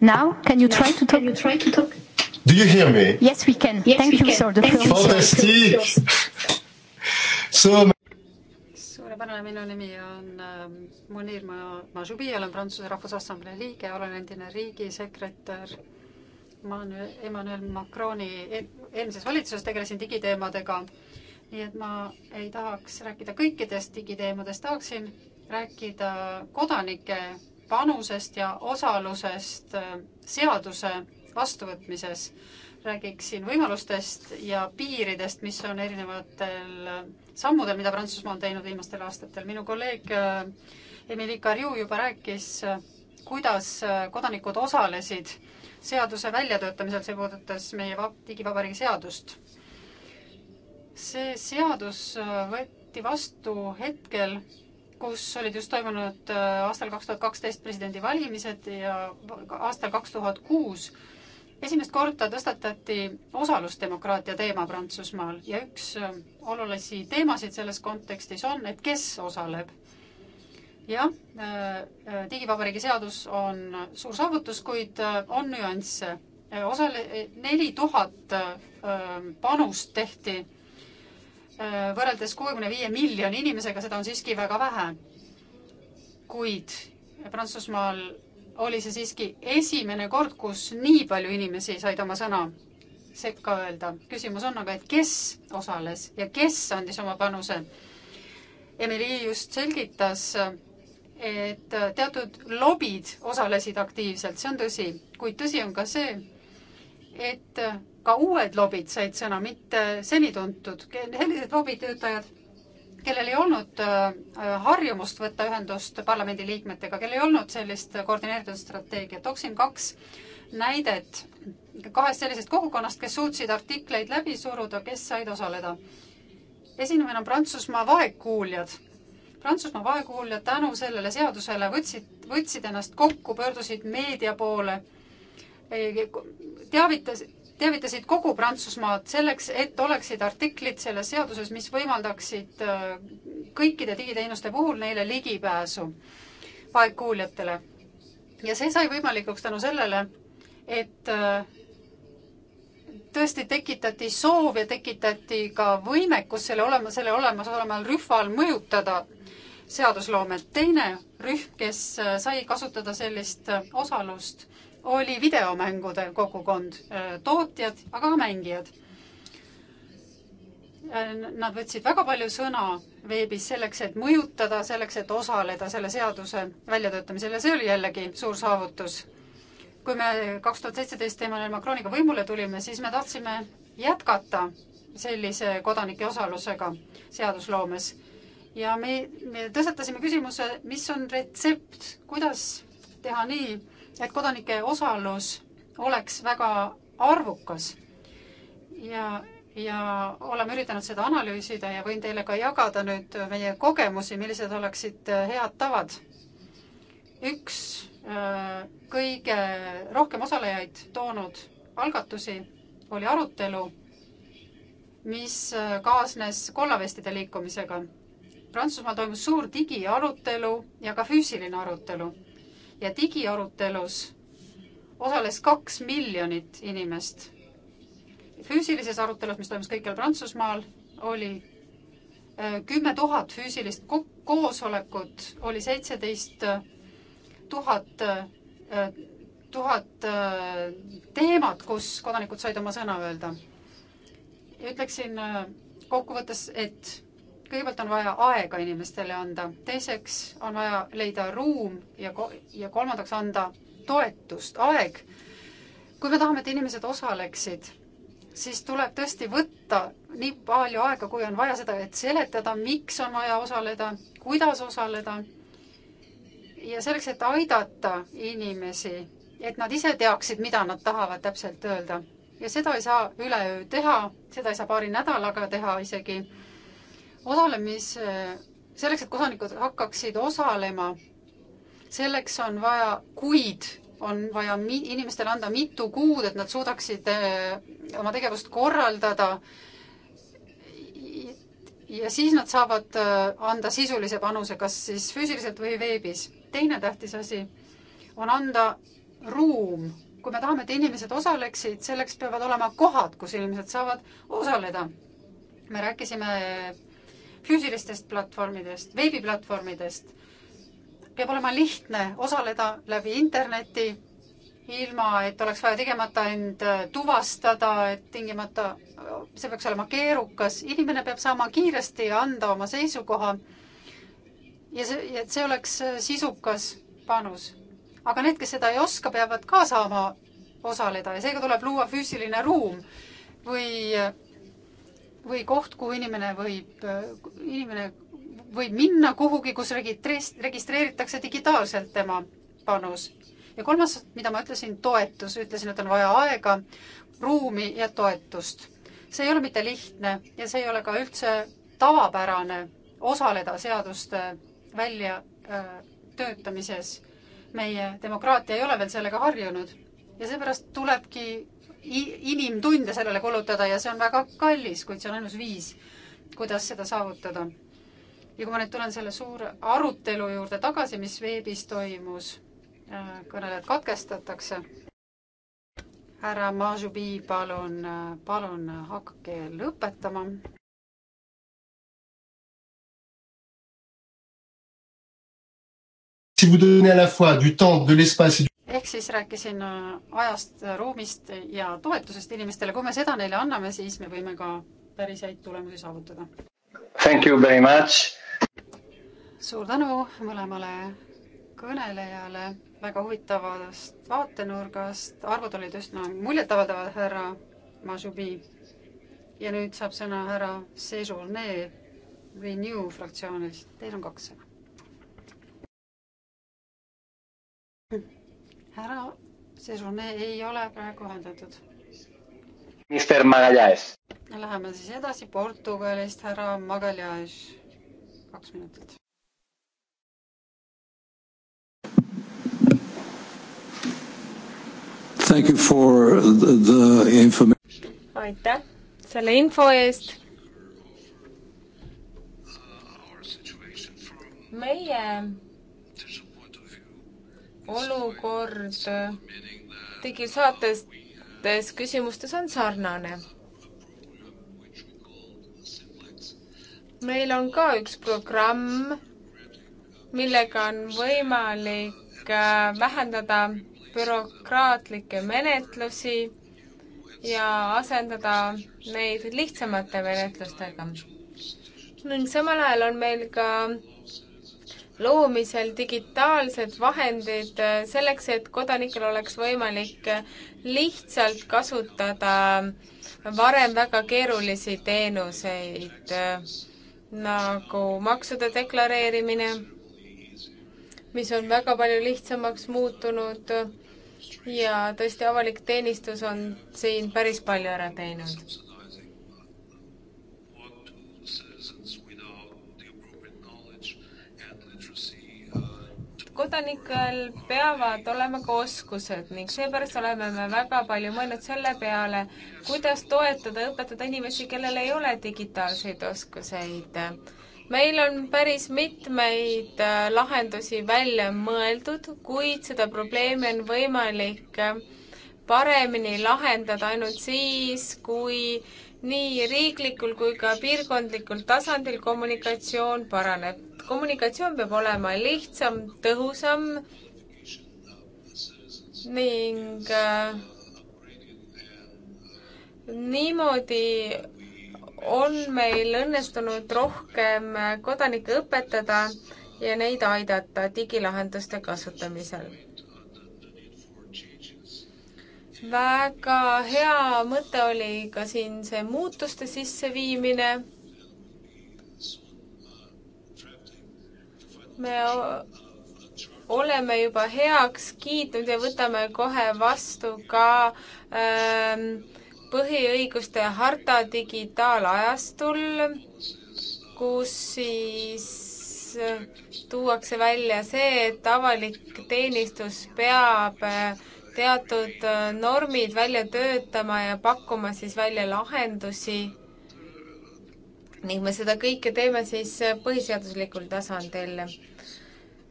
Now, can you try to talk? Can you try to talk? Do you hear me? Yes, we can. Yes, Thank we you, can. sir. The Thank you, Fantastic. so suurepärane, minu nimi on äh, Munir Mažubi, olen Prantsuse Rahvusassamblee liige, olen endine riigisekretär. ma olen Emmanuel Macroni e-, eelmises valitsuses tegelesin digiteemadega. nii et ma ei tahaks rääkida kõikidest digiteemadest, tahaksin rääkida kodanike panusest ja osalusest äh, seaduse vastuvõtmises. räägiksin võimalustest ja piiridest, mis on erinevatel sammudel, mida Prantsusmaa on teinud viimastel aastatel. minu kolleeg äh, Emily Carju juba rääkis, äh, kuidas äh, kodanikud osalesid seaduse väljatöötamisel, see puudutas meie digivabariigi seadust. see seadus võeti vastu hetkel, kus olid just toimunud aastal kaks tuhat kaksteist presidendivalimised ja aastal kaks tuhat kuus esimest korda tõstatati osalusdemokraatia teema Prantsusmaal ja üks äh, olulisi teemasid selles kontekstis on, et kes osaleb. jah, äh, äh, digivabariigi seadus on suur saavutus, kuid on nüansse. osale-, neli tuhat panust tehti võrreldes kuuekümne viie miljoni inimesega, seda on siiski väga vähe. kuid Prantsusmaal oli see siiski esimene kord, kus nii palju inimesi said oma sõna sekka öelda. küsimus on aga, et kes osales ja kes andis oma panuse? Emily just selgitas, et teatud lobid osalesid aktiivselt, see on tõsi, kuid tõsi on ka see, et ka uued lobid said sõna, mitte seni tuntud. sellised lobitöötajad kellel ei olnud äh, harjumust võtta ühendust parlamendiliikmetega, kellel ei olnud sellist koordineeritud strateegiat. tooksin kaks näidet kahest sellisest kogukonnast, kes suutsid artikleid läbi suruda, kes said osaleda. esimene on Prantsusmaa vaegkuuljad. Prantsusmaa vaegkuuljad tänu sellele seadusele võtsid, võtsid ennast kokku, pöördusid meedia poole, teavitasid, teavitasid kogu Prantsusmaad selleks, et oleksid artiklid selles seaduses, mis võimaldaksid äh, kõikide digiteenuste puhul neile ligipääsu vaegkuuljatele. ja see sai võimalikuks tänu sellele, et äh, tõesti tekitati soov ja tekitati ka võimekus selle olema, selle olemasoleval rühval mõjutada seadusloomet. teine rühm, kes äh, sai kasutada sellist osalust, oli videomängudel kogukond, äh, tootjad, aga ka mängijad. Äh, nad võtsid väga palju sõna veebis selleks, et mõjutada, selleks, et osaleda selle seaduse väljatöötamisel ja see oli jällegi suur saavutus. kui me kaks tuhat seitseteist Emmanuel Macroniga võimule tulime, siis me tahtsime jätkata sellise kodanike osalusega seadusloomes. ja me, me tõstatasime küsimuse, mis on retsept, kuidas teha nii, et kodanike osalus oleks väga arvukas. ja, ja oleme üritanud seda analüüsida ja võin teile ka jagada nüüd meie kogemusi, millised oleksid head tavad. üks äh, kõige rohkem osalejaid toonud algatusi oli arutelu, mis äh, kaasnes kollavestide liikumisega. Prantsusmaal toimus suur digiarutelu ja ka füüsiline arutelu ja digiarutelus osales kaks miljonit inimest. füüsilises arutelus, mis toimus kõikjal Prantsusmaal, oli äh, kümme tuhat füüsilist koosolekut, oli seitseteist tuhat, äh, tuhat äh, teemat, kus kodanikud said oma sõna öelda. ütleksin kokkuvõttes, et kõigepealt on vaja aega inimestele anda, teiseks on vaja leida ruum ja, ja kolmandaks anda toetust, aeg. kui me tahame, et inimesed osaleksid, siis tuleb tõesti võtta nii palju aega, kui on vaja seda, et seletada, miks on vaja osaleda, kuidas osaleda. ja selleks, et aidata inimesi, et nad ise teaksid, mida nad tahavad täpselt öelda ja seda ei saa üleöö teha, seda ei saa paari nädalaga teha isegi osalemise, selleks, et kodanikud hakkaksid osalema, selleks on vaja kuid, on vaja mi-, inimestele anda mitu kuud, et nad suudaksid eh, oma tegevust korraldada ja siis nad saavad eh, anda sisulise panuse, kas siis füüsiliselt või veebis. teine tähtis asi on anda ruum. kui me tahame, et inimesed osaleksid, selleks peavad olema kohad, kus inimesed saavad osaleda. me rääkisime füüsilistest platvormidest, veebiplatvormidest. peab olema lihtne osaleda läbi interneti, ilma et oleks vaja tegemata end äh, tuvastada, et tingimata äh, see peaks olema keerukas, inimene peab saama kiiresti anda oma seisukoha. ja see, et see oleks äh, sisukas panus. aga need, kes seda ei oska, peavad ka saama osaleda ja seega tuleb luua füüsiline ruum või või koht, kuhu inimene võib, inimene võib minna kuhugi, kus registreeritakse digitaalselt tema panus. ja kolmas, mida ma ütlesin, toetus, ütlesin, et on vaja aega, ruumi ja toetust. see ei ole mitte lihtne ja see ei ole ka üldse tavapärane osaleda seaduste väljatöötamises. Äh, meie demokraatia ei ole veel sellega harjunud ja seepärast tulebki inimtunde sellele kulutada ja see on väga kallis, kuid see on ainus viis, kuidas seda saavutada. ja kui ma nüüd tulen selle suure arutelu juurde tagasi, mis veebis toimus, äh, kõnelejad katkestatakse. härra Mažubi, palun, äh, palun hakake lõpetama. si vous donnez à la fois du temps, de l'espace et du ehk siis rääkisin äh, ajast, äh, ruumist ja toetusest inimestele, kui me seda neile anname, siis me võime ka päris häid tulemusi saavutada. Thank you very much. suur tänu mõlemale kõnelejale väga huvitavast vaatenurgast, arvud olid üsna muljetavaldavad, härra Mažubi. ja nüüd saab sõna härra Sejourne Renew fraktsioonist, teil on kaks sõna. härra Sežune ei ole praegu ühendatud. minister Magalhães. Läheme siis edasi Portugalist, härra Magalhães, kaks minutit. Thank you for the, the information. aitäh selle info eest. meie olukord digisaates küsimustes on sarnane. meil on ka üks programm, millega on võimalik äh, vähendada bürokraatlikke menetlusi ja asendada neid lihtsamate menetlustega. ning samal ajal on meil ka loomisel digitaalsed vahendid äh, selleks, et kodanikel oleks võimalik äh, lihtsalt kasutada äh, varem väga keerulisi teenuseid nagu maksude deklareerimine, mis on väga palju lihtsamaks muutunud ja tõesti, avalik teenistus on siin päris palju ära teinud kodanikel peavad olema ka oskused ning seepärast oleme me väga palju mõelnud selle peale, kuidas toetada, õpetada inimesi, kellel ei ole digitaalseid oskuseid. meil on päris mitmeid äh, lahendusi välja mõeldud, kuid seda probleemi on võimalik äh, paremini lahendada ainult siis, kui nii riiklikul kui ka piirkondlikul tasandil kommunikatsioon paraneb. kommunikatsioon peab olema lihtsam, tõhusam ning äh, niimoodi on meil õnnestunud rohkem kodanikke õpetada ja neid aidata digilahenduste kasutamisel väga hea mõte oli ka siin see muutuste sisseviimine. me oleme juba heaks kiitnud ja võtame kohe vastu ka ähm, põhiõiguste harta digitaalajastul, kus siis äh, tuuakse välja see, et avalik teenistus peab äh, teatud äh, normid välja töötama ja pakkuma siis välja lahendusi ning me seda kõike teeme siis äh, põhiseaduslikul tasandil.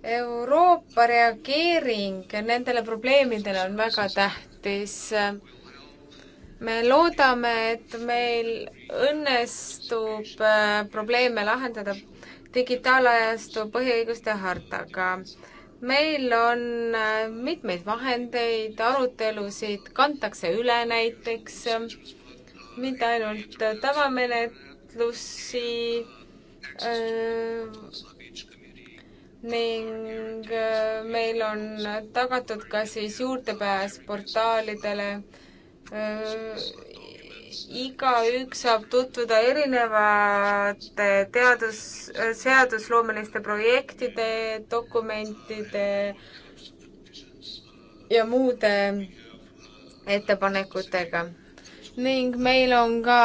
Euroopa reageering nendele probleemidele on väga tähtis. me loodame, et meil õnnestub äh, probleeme lahendada digitaalajastu põhiõiguste hartaga meil on äh, mitmeid vahendeid, arutelusid kantakse üle näiteks, äh, mitte ainult äh, tavamenetlusi öö, ning meil on tagatud ka siis juurdepääs portaalidele öö, igaüks saab tutvuda erinevate teadus, seadusloomeliste projektide, dokumentide ja muude ettepanekutega. ning meil on ka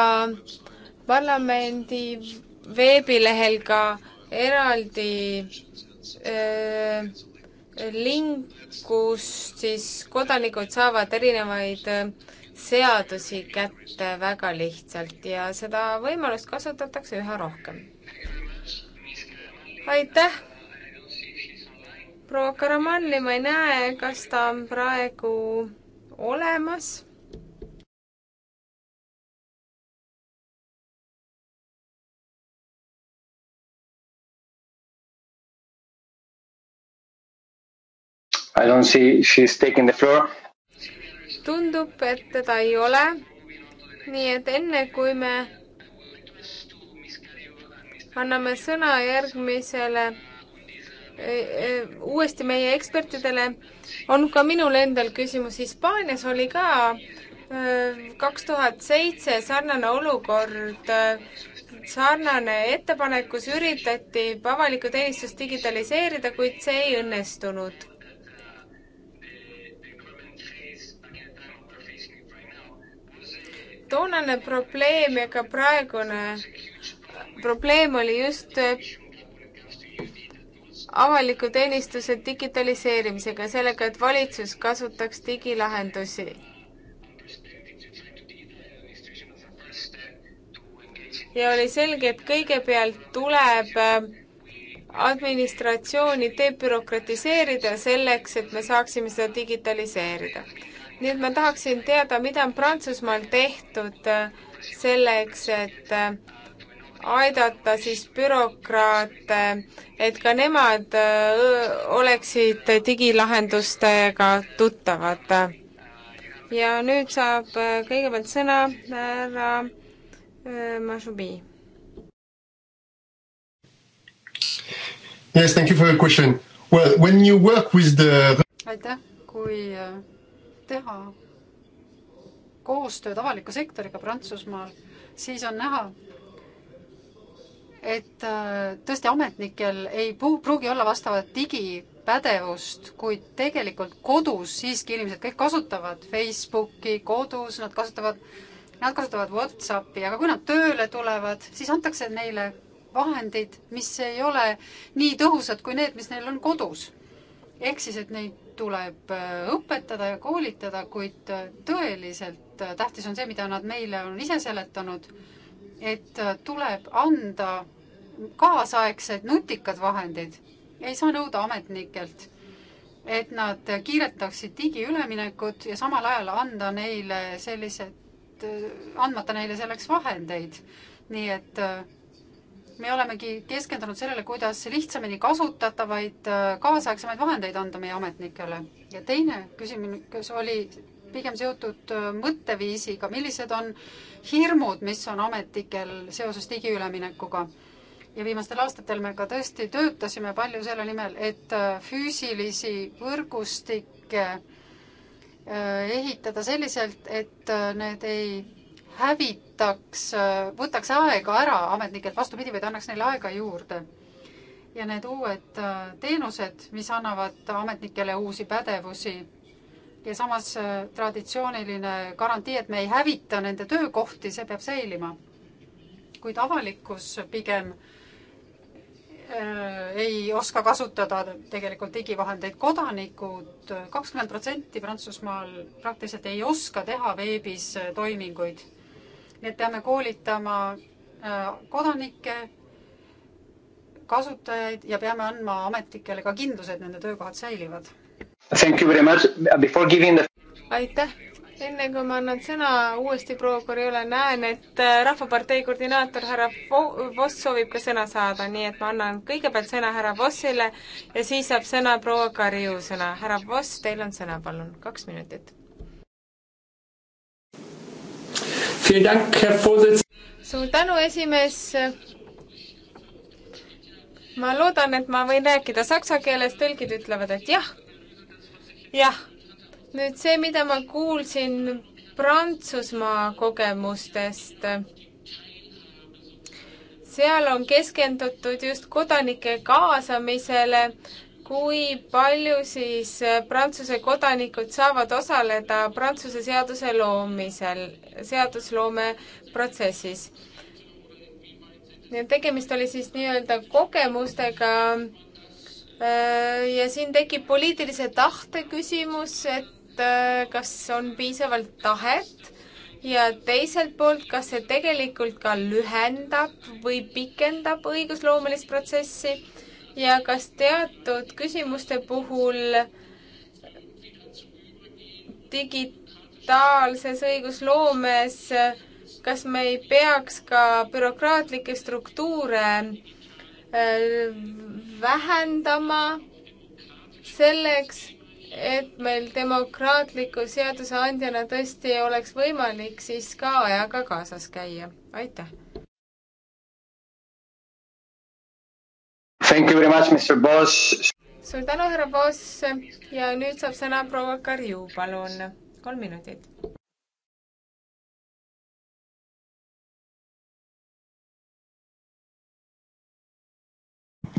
parlamendi veebilehel ka eraldi öö, äh, link, kust siis kodanikud saavad erinevaid öö, äh, seadusi kätte väga lihtsalt ja seda võimalust kasutatakse üha rohkem. aitäh! proua Karamanli ma ei näe, kas ta on praegu olemas I don't see she's taking the floor tundub, et teda ei ole. nii et enne, kui me anname sõna järgmisele e, e, uuesti meie ekspertidele, on ka minul endal küsimus. Hispaanias oli ka e, kaks tuhat seitse sarnane olukord, sarnane ettepanekus üritati avalikku teenistust digitaliseerida, kuid see ei õnnestunud toonane probleem ja ka praegune probleem oli just äh, avaliku teenistuse digitaliseerimisega, sellega, et valitsus kasutaks digilahendusi. ja oli selge, et kõigepealt tuleb äh, administratsiooni debürokratiseerida selleks, et me saaksime seda digitaliseerida nüüd ma tahaksin teada, mida on Prantsusmaal tehtud äh, selleks, et äh, aidata siis bürokraate, et ka nemad äh, oleksid digilahendustega tuttavad. ja nüüd saab kõigepealt sõna härra Masubi. Yes, thank you for your question. Well, when you work with the aitäh, kui teha koostööd avaliku sektoriga Prantsusmaal, siis on näha, et äh, tõesti ametnikel ei pruugi olla vastavat digipädevust, kuid tegelikult kodus siiski inimesed kõik kasutavad Facebooki, kodus nad kasutavad, nad kasutavad Whatsappi, aga kui nad tööle tulevad, siis antakse neile vahendid, mis ei ole nii tõhusad kui need, mis neil on kodus. ehk siis, et neid tuleb äh, õpetada ja koolitada, kuid äh, tõeliselt äh, tähtis on see, mida nad meile on ise seletanud, et tuleb anda kaasaegsed nutikad vahendid. ei saa nõuda ametnikelt, et nad kiiretaksid digiüleminekut ja samal ajal anda neile sellised, andmata neile selleks vahendeid. nii et me olemegi keskendunud sellele, kuidas lihtsamini kasutatavaid äh, kaasaegsemaid vahendeid anda meie ametnikele. ja teine küsimus oli pigem seotud äh, mõtteviisiga, millised on hirmud, mis on ametnikel seoses digiüleminekuga. ja viimastel aastatel me ka tõesti töötasime palju selle nimel, et äh, füüsilisi võrgustikke ehitada selliselt, et need ei hävitaks, võtaks aega ära ametnikelt, vastupidi, vaid annaks neile aega juurde. ja need uued äh, teenused, mis annavad ametnikele uusi pädevusi ja samas äh, traditsiooniline garantii, et me ei hävita nende töökohti, see peab säilima. kuid avalikkus pigem äh, ei oska kasutada tegelikult digivahendeid. kodanikud, kakskümmend protsenti Prantsusmaal praktiliselt ei oska teha veebis toiminguid nii et peame koolitama äh, kodanikke, kasutajaid ja peame andma ametnikele ka kindluse, et nende töökohad säilivad. The... aitäh, enne kui ma annan sõna uuesti proua Korjole, näen, et äh, Rahvapartei koordinaator härra Voss soovib ka sõna saada, nii et ma annan kõigepealt sõna härra Vossile ja siis saab sõna proua Karju sõna. härra Voss, teil on sõna, palun, kaks minutit suur tänu, esimees. ma loodan, et ma võin rääkida saksa keeles, tõlgid ütlevad, et jah, jah. nüüd see, mida ma kuulsin Prantsusmaa kogemustest seal on keskendutud just kodanike kaasamisele kui palju siis äh, Prantsuse kodanikud saavad osaleda Prantsuse seaduse loomisel, seadusloome protsessis. tegemist oli siis nii-öelda kogemustega äh, ja siin tekib poliitilise tahte küsimus, et äh, kas on piisavalt tahet ja teiselt poolt, kas see tegelikult ka lühendab või pikendab õigusloomelist protsessi ja kas teatud küsimuste puhul digitaalses õigusloomes, kas me ei peaks ka bürokraatlikke struktuure äh, vähendama selleks, et meil demokraatliku seadusandjana tõesti oleks võimalik siis ka ajaga kaasas käia. aitäh! Thank you very much, Mr Boss. suur tänu, härra Boss ja nüüd saab sõna proua Karju, palun, kolm minutit.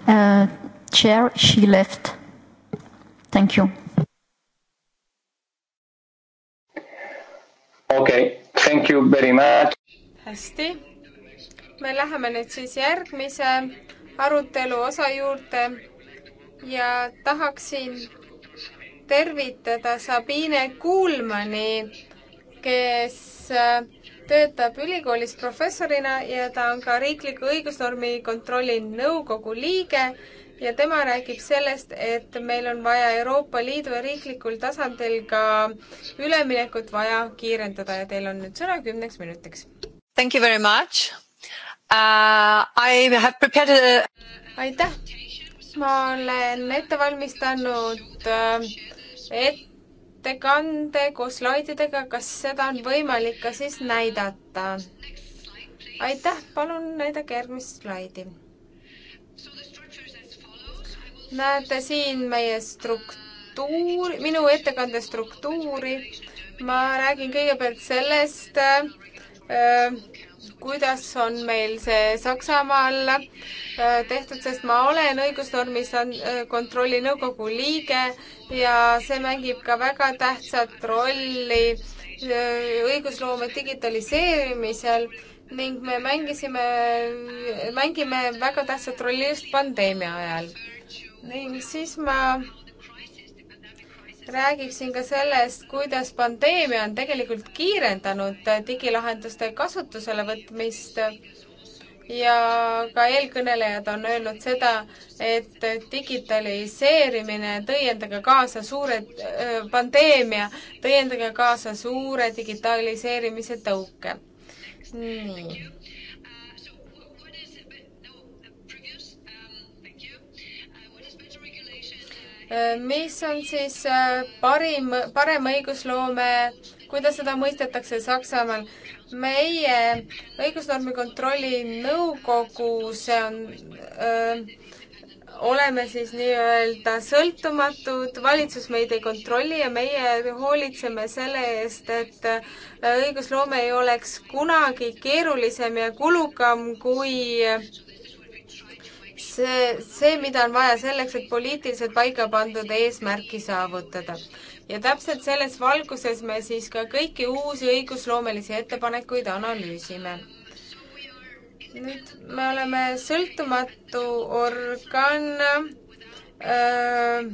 Uh, chair, she left. Thank you. okei okay,, thank you very much. hästi, me läheme nüüd siis järgmise arutelu osa juurde ja tahaksin tervitada Sabine Kuulmani, kes äh, töötab ülikoolis professorina ja ta on ka riikliku õigusnormi kontrolli nõukogu liige ja tema räägib sellest, et meil on vaja Euroopa Liidu ja riiklikul tasandil ka üleminekut vaja kiirendada ja teil on nüüd sõna kümneks minutiks. Thank you very much Uh, I have prepared a... aitäh, ma olen ette valmistanud uh, ettekande koos slaididega, kas seda on võimalik ka siis näidata? aitäh, palun näidake järgmist slaidi. näete siin meie struktuuri, minu ettekande struktuuri. ma räägin kõigepealt sellest äh,, kuidas on meil see Saksamaal äh, tehtud, sest ma olen õigusnormis äh, kontrolli nõukogu liige ja see mängib ka väga tähtsat rolli äh, õigusloome digitaliseerimisel ning me mängisime, mängime väga tähtsat rolli just pandeemia ajal. ning siis ma räägiksin ka sellest, kuidas pandeemia on tegelikult kiirendanud digilahenduste kasutusele võtmist ja ka eelkõnelejad on öelnud seda, et digitaliseerimine tõi endaga kaasa suure, pandeemia tõi endaga kaasa suure digitaliseerimise tõuke. nii mis on siis äh, parim, parem õigusloome, kuidas seda mõistetakse Saksamaal? meie õigusnormi kontrolli nõukogus on öö, äh, oleme siis nii-öelda sõltumatud, valitsus meid ei kontrolli ja meie hoolitseme selle eest, et äh, õigusloome ei oleks kunagi keerulisem ja kulukam kui öö, see, see, mida on vaja selleks, et poliitiliselt paika pandud eesmärki saavutada. ja täpselt selles valguses me siis ka kõiki uusi õigusloomelisi ettepanekuid analüüsime. nüüd me oleme sõltumatu organ öö, äh,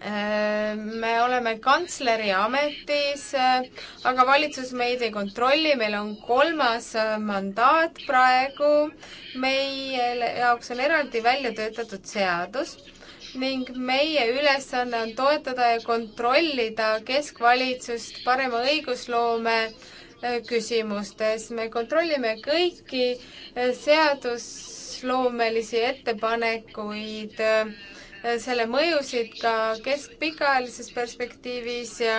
Äh, me oleme kantsleri ametis, äh, aga valitsus meid ei kontrolli, meil on kolmas äh, mandaat praegu, meie jaoks on eraldi välja töötatud seadus ning meie ülesanne on toetada ja kontrollida keskvalitsust parema õigusloome küsimustes. me kontrollime kõiki seadusloomelisi ettepanekuid äh, Äh, selle mõjusid ka keskpikaajalises perspektiivis ja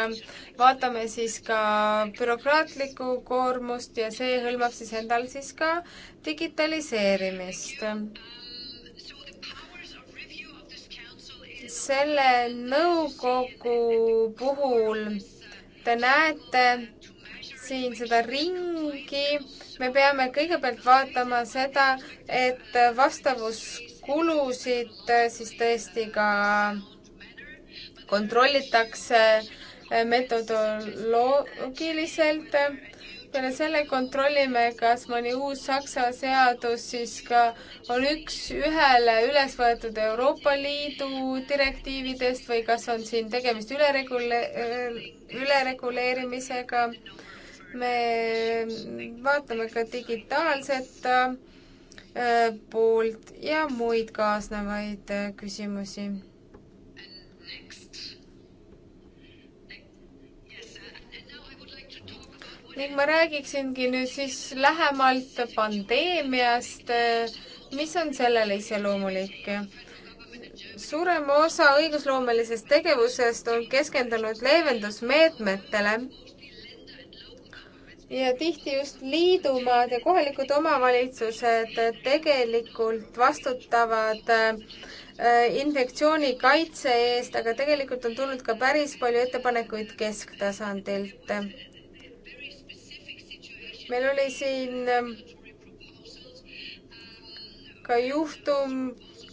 vaatame siis ka bürokraatlikku koormust ja see hõlmab siis endal siis ka digitaliseerimist. selle nõukogu puhul te näete siin seda ringi, me peame kõigepealt vaatama seda, et vastavus kulusid siis tõesti ka kontrollitakse metodoloogiliselt. peale selle kontrollime, kas mõni uus Saksa seadus siis ka on üks-ühele üles võetud Euroopa Liidu direktiividest või kas on siin tegemist üleregule-, ülereguleerimisega. me vaatame ka digitaalset äh, Äh, poolt ja muid kaasnevaid äh, küsimusi. ning uh, ma räägiksingi nüüd siis lähemalt pandeemiast, äh, mis on sellele iseloomulik suurem osa õigusloomelisest tegevusest on keskendunud leevendusmeetmetele ja tihti just liidumaad ja kohalikud omavalitsused äh, tegelikult vastutavad äh, infektsiooni kaitse eest, aga tegelikult on tulnud ka päris palju ettepanekuid kesktasandilt. meil oli siin äh, ka juhtum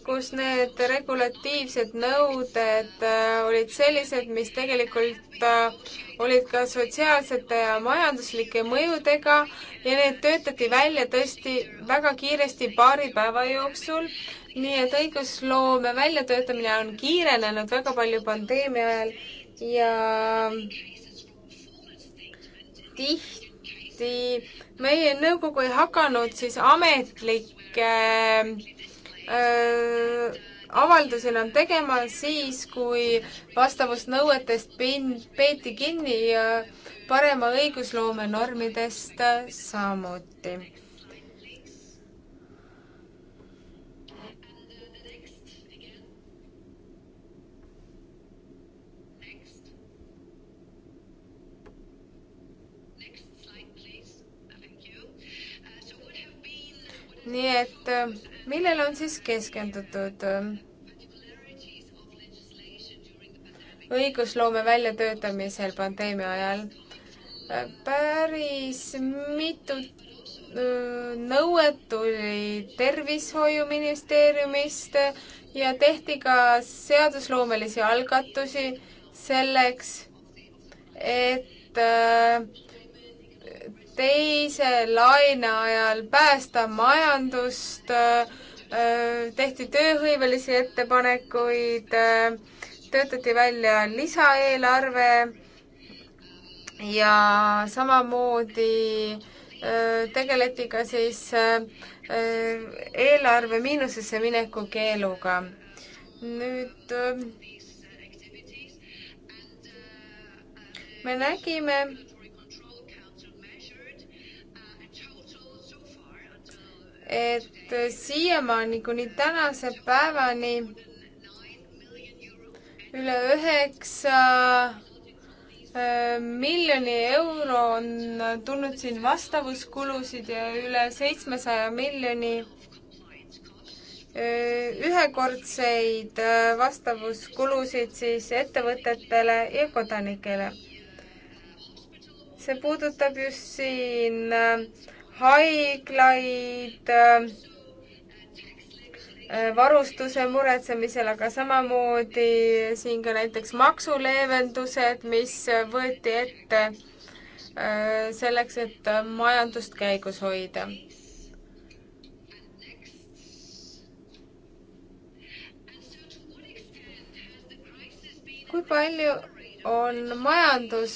kus need regulatiivsed nõuded äh, olid sellised, mis tegelikult äh, olid ka sotsiaalsete ja majanduslike mõjudega ja need töötati välja tõesti väga kiiresti paari päeva jooksul. nii et õigusloome väljatöötamine on kiirenenud väga palju pandeemia ajal ja tihti meie nõukogu ei hakanud siis ametlikke äh, öö, äh, avaldusi enam tegema siis, kui vastavusnõuetest peeti kinni ja parema õigusloome normidest samuti. nii et äh, millele on siis keskendutud? õigusloome väljatöötamisel pandeemia ajal äh, päris mitut äh, nõuet tuli Tervishoiuministeeriumist ja tehti ka seadusloomelisi algatusi selleks, et teise laine ajal päästa majandust, äh, äh, tehti tööhõivelisi ettepanekuid, äh, töötati välja lisaeelarve ja samamoodi tegeleti ka siis eelarve miinusesse mineku keeluga. nüüd me nägime, et siiamaani kuni tänase päevani üle üheksa äh, miljoni euro on tulnud siin vastavuskulusid ja üle seitsmesaja miljoni äh, ühekordseid äh, vastavuskulusid siis ettevõtetele ja kodanikele. see puudutab just siin äh, haiglaid äh, äh, varustuse muretsemisel, aga samamoodi siin ka näiteks maksuleevendused, mis võeti ette äh, selleks, et majandust käigus hoida. kui palju on majandus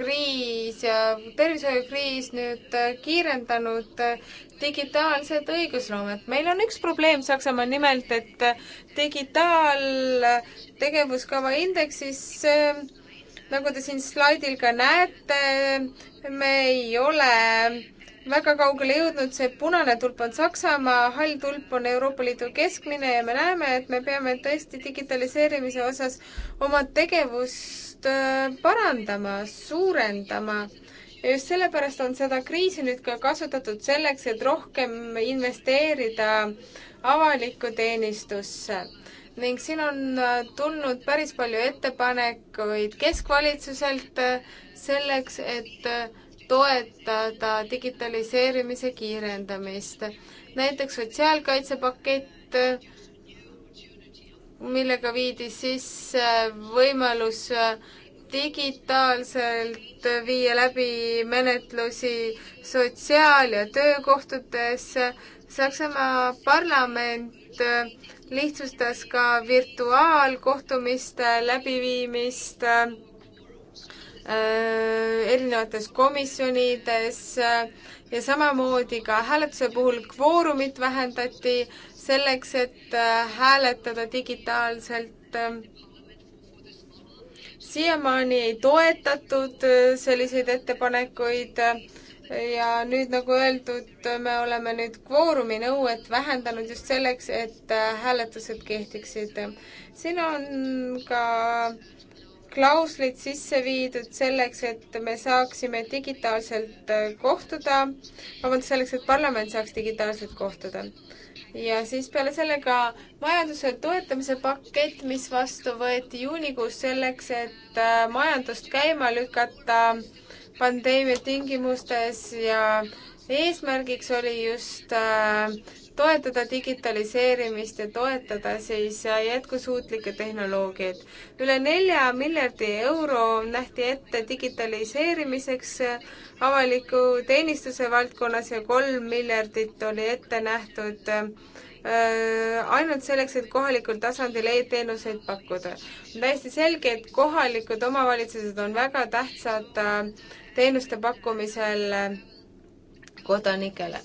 kriis ja tervishoiukriis nüüd äh, kiirendanud äh, digitaalset õigusloomet. meil on üks probleem Saksamaal nimelt, et äh, digitaaltegevuskava indeksis nagu te siin slaidil ka näete, me ei ole väga kaugele jõudnud, see punane tulp on Saksamaa, hall tulp on Euroopa Liidu keskmine ja me näeme, et me peame tõesti digitaliseerimise osas oma tegevust tegevust äh, parandama, suurendama. ja just sellepärast on seda kriisi nüüd ka kasutatud selleks, et rohkem investeerida avalikku teenistusse ning siin on äh, tulnud päris palju ettepanekuid keskvalitsuselt äh, selleks, et toetada digitaliseerimise kiirendamist. näiteks sotsiaalkaitsepakett, millega viidi sisse võimalus digitaalselt viia läbi menetlusi sotsiaal- ja töökohtades. Saksamaa parlament lihtsustas ka virtuaalkohtumiste läbiviimist äh, erinevates komisjonides äh, ja samamoodi ka hääletuse puhul kvoorumit vähendati selleks, et äh, hääletada digitaalselt. Äh, siiamaani ei toetatud äh, selliseid ettepanekuid ja nüüd, nagu öeldud, me oleme nüüd kvoorumi nõuet vähendanud just selleks, et hääletused kehtiksid. siin on ka klauslid sisse viidud selleks, et me saaksime digitaalselt kohtuda, vabandust, selleks, et parlament saaks digitaalselt kohtuda ja siis peale sellega majanduse toetamise pakett, mis vastu võeti juunikuus selleks, et äh, majandust käima lükata pandeemia tingimustes ja eesmärgiks oli just äh, toetada digitaliseerimist ja toetada siis jätkusuutlikke tehnoloogiaid. üle nelja miljardi euro nähti ette digitaliseerimiseks avaliku teenistuse valdkonnas ja kolm miljardit oli ette nähtud äh, ainult selleks, et kohalikul tasandil e-teenuseid pakkuda. on täiesti selge, et kohalikud omavalitsused on väga tähtsad äh, teenuste pakkumisel kodanikele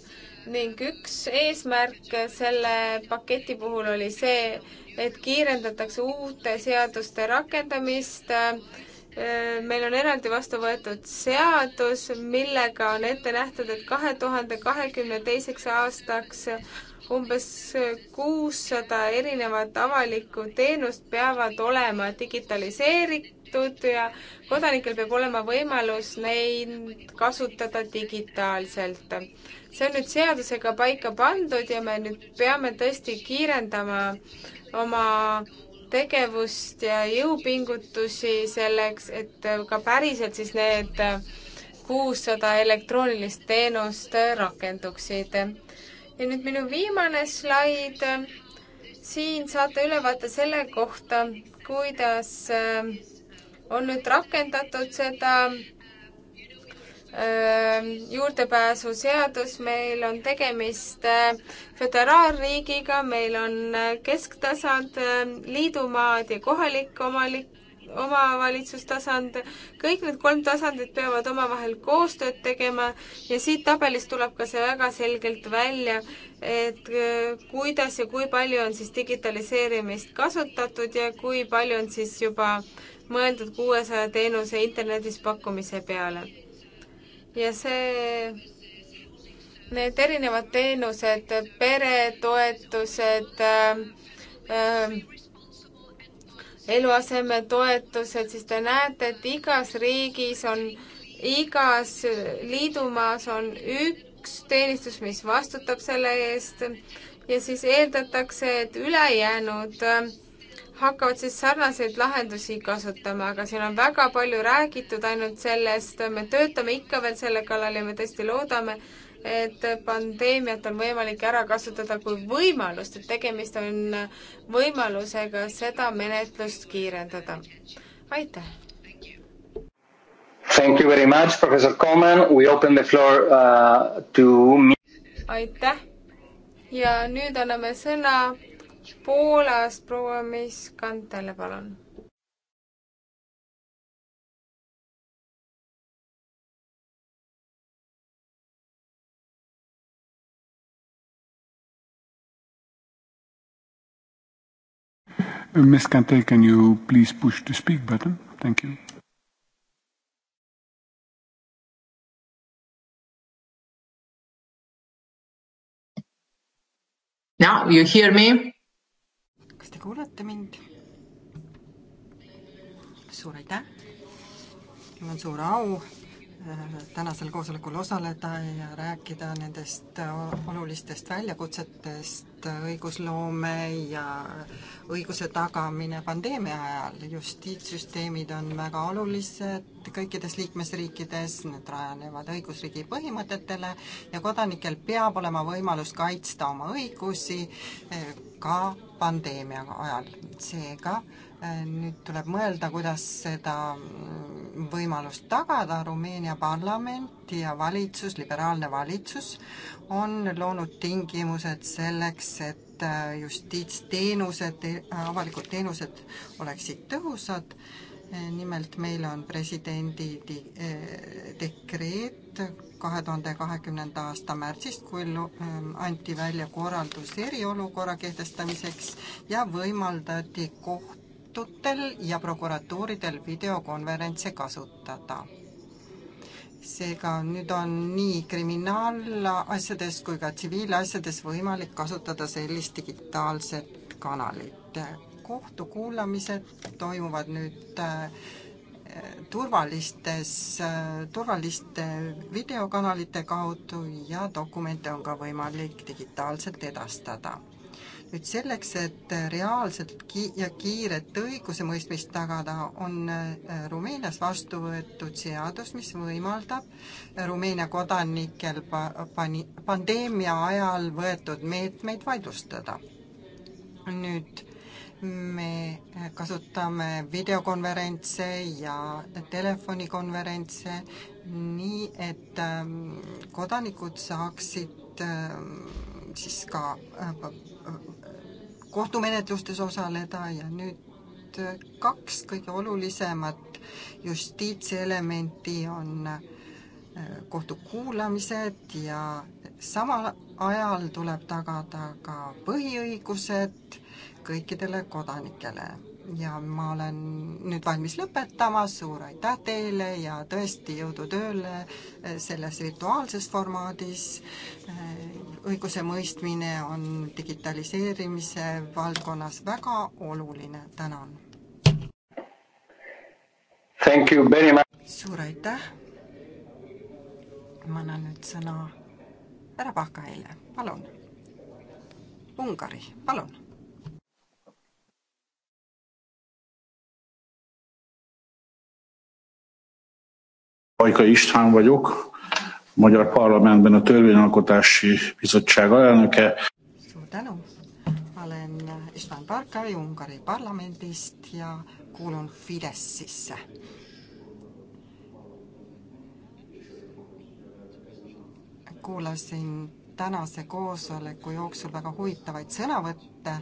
ning üks eesmärk selle paketi puhul oli see, et kiirendatakse uute seaduste rakendamist. meil on eraldi vastu võetud seadus, millega on ette nähtud, et kahe tuhande kahekümne teiseks aastaks umbes kuussada erinevat avalikku teenust peavad olema digitaliseeritud kaitstud ja kodanikel peab olema võimalus neid kasutada digitaalselt. see on nüüd seadusega paika pandud ja me nüüd peame tõesti kiirendama oma tegevust ja jõupingutusi selleks, et ka päriselt siis need kuussada elektroonilist teenust rakenduksid. ja nüüd minu viimane slaid. siin saate ülevaate selle kohta, kuidas äh, on nüüd rakendatud seda ähm, juurdepääsuseadus, meil on tegemist äh, föderaalriigiga, meil on äh, kesktasand, ähm, liidumaad ja kohalik omalik, omavalitsustasand, kõik need kolm tasandit peavad omavahel koostööd tegema ja siit tabelist tuleb ka see väga selgelt välja, et äh, kuidas ja kui palju on siis digitaliseerimist kasutatud ja kui palju on siis juba äh, mõeldud kuuesaja teenuse internetis pakkumise peale. ja see, need erinevad teenused, peretoetused äh,, äh, eluasemetoetused, siis te näete, et igas riigis on, igas liidumaas on üks teenistus, mis vastutab selle eest ja siis eeldatakse, et ülejäänud äh, hakkavad siis sarnaseid lahendusi kasutama, aga siin on väga palju räägitud ainult sellest, me töötame ikka veel selle kallal ja me tõesti loodame, et pandeemiat on võimalik ära kasutada kui võimalust, et tegemist on võimalusega seda menetlust kiirendada. aitäh! Thank you very much, professor Coleman, we open the floor uh, to aitäh ja nüüd anname sõna Poolast proua Miss Kantele, palun. Miss Kante, can you please push the speak button? Thank you. Now you hear me? te kuulate mind. suur aitäh. mul on suur au äh, tänasel koosolekul osaleda ja rääkida nendest äh, olulistest väljakutsetest äh, õigusloome ja õiguse tagamine pandeemia ajal. justiitssüsteemid on väga olulised kõikides liikmesriikides, need rajanevad õigusriigi põhimõtetele ja kodanikel peab olema võimalus kaitsta oma õigusi ka pandeemia ajal. seega äh, nüüd tuleb mõelda, kuidas seda mm, võimalust tagada. Rumeenia parlament ja valitsus, liberaalne valitsus on loonud tingimused selleks, et äh, justiitsteenused, e-, avalikud teenused oleksid tõhusad äh, nimelt meil on presidendi dekreet, kahe tuhande kahekümnenda aasta märtsist, kui ähm, anti välja korraldus eriolukorra kehtestamiseks ja võimaldati kohtutel ja prokuratuuridel videokonverentse kasutada seega nüüd on nii kriminaalasjades kui ka tsiviilasjades võimalik kasutada sellist digitaalset kanalit. kohtukuulamised toimuvad nüüd äh, turvalistes, turvaliste videokanalite kaudu ja dokumente on ka võimalik digitaalselt edastada. nüüd selleks, et reaalselt ki- ja kiiret õigusemõistmist tagada, on äh, Rumeenias vastu võetud seadus, mis võimaldab Rumeenia kodanikel pa-, pani-, pandeemia ajal võetud meetmeid vaidlustada. nüüd me kasutame videokonverentse ja telefonikonverentse nii, et ähm, kodanikud saaksid ähm, siis ka äh, äh, kohtumenetlustes osaleda ja nüüd äh, kaks kõige olulisemat justiitselementi on kohtukuulamised ja samal ajal tuleb tagada ka põhiõigused kõikidele kodanikele ja ma olen nüüd valmis lõpetama, suur aitäh teile ja tõesti jõudu tööle eh, selles virtuaalses formaadis. Eh, õigusemõistmine on digitaliseerimise valdkonnas väga oluline, tänan. suur aitäh. ma annan nüüd sõna härra Pahkaile, palun. Ungari, palun Ajka István vagyok, a Magyar Parlamentben a Törvényalkotási Bizottság alelnöke. Suur tänu! Ma olen István Parkari Ungari parlamendist ja kuulun Fideszisse. Kuulasin tänase koosoleku jooksul väga huvitavaid sõnavõtte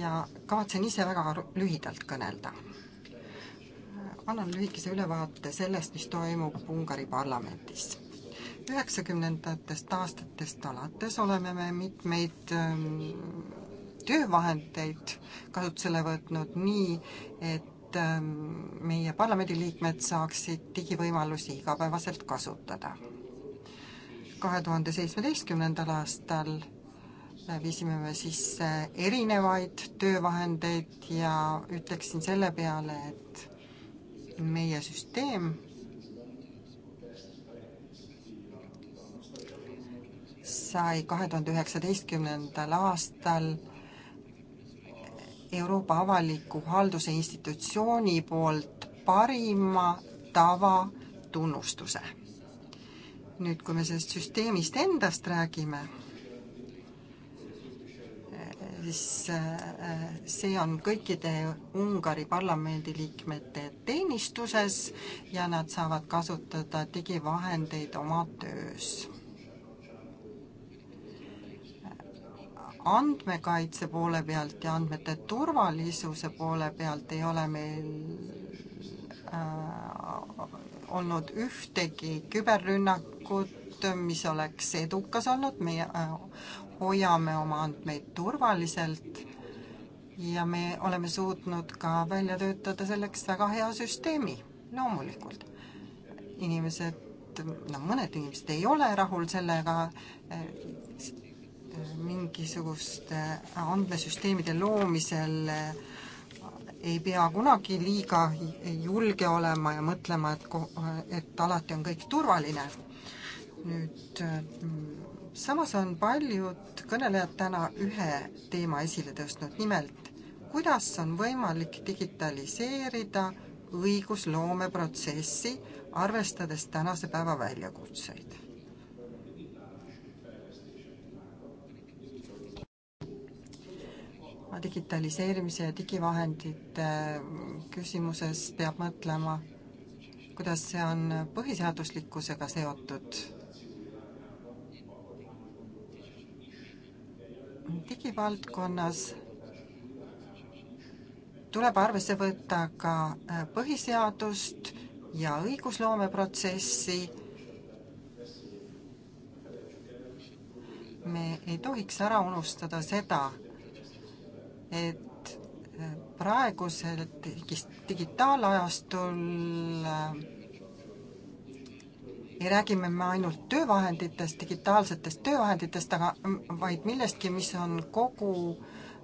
ja kavatsen ise väga lühidalt kõnelda annan lühikese ülevaate sellest, mis toimub Ungari parlamendis. üheksakümnendatest aastatest alates oleme me mitmeid ähm, töövahendeid kasutusele võtnud nii, et ähm, meie parlamendiliikmed saaksid digivõimalusi igapäevaselt kasutada. kahe tuhande seitsmeteistkümnendal aastal viisime me sisse erinevaid töövahendeid ja ütleksin selle peale, et meie süsteem sai kahe tuhande üheksateistkümnendal aastal Euroopa avaliku halduse institutsiooni poolt parima tava tunnustuse. nüüd, kui me sellest süsteemist endast räägime siis äh, see on kõikide Ungari parlamendiliikmete teenistuses ja nad saavad kasutada digivahendeid oma töös. andmekaitse poole pealt ja andmete turvalisuse poole pealt ei ole meil äh, olnud ühtegi küberrünnakut, mis oleks edukas olnud, meie äh, hoiame oma andmeid turvaliselt ja me oleme suutnud ka välja töötada selleks väga hea süsteemi, loomulikult. inimesed, no mõned inimesed ei ole rahul sellega, eh, mingisuguste andmesüsteemide loomisel eh, ei pea kunagi liiga julge olema ja mõtlema, et, et alati on kõik turvaline. nüüd mm, samas on paljud kõnelejad täna ühe teema esile tõstnud, nimelt kuidas on võimalik digitaliseerida õigusloomeprotsessi, arvestades tänase päeva väljakutseid. digitaliseerimise ja digivahendite küsimuses peab mõtlema, kuidas see on põhiseaduslikkusega seotud digivaldkonnas tuleb arvesse võtta ka äh, põhiseadust ja õigusloomeprotsessi. me ei tohiks ära unustada seda, et äh, praegusel digitaalajastul äh, ei räägi me ainult töövahenditest, digitaalsetest töövahenditest, aga vaid millestki, mis on kogu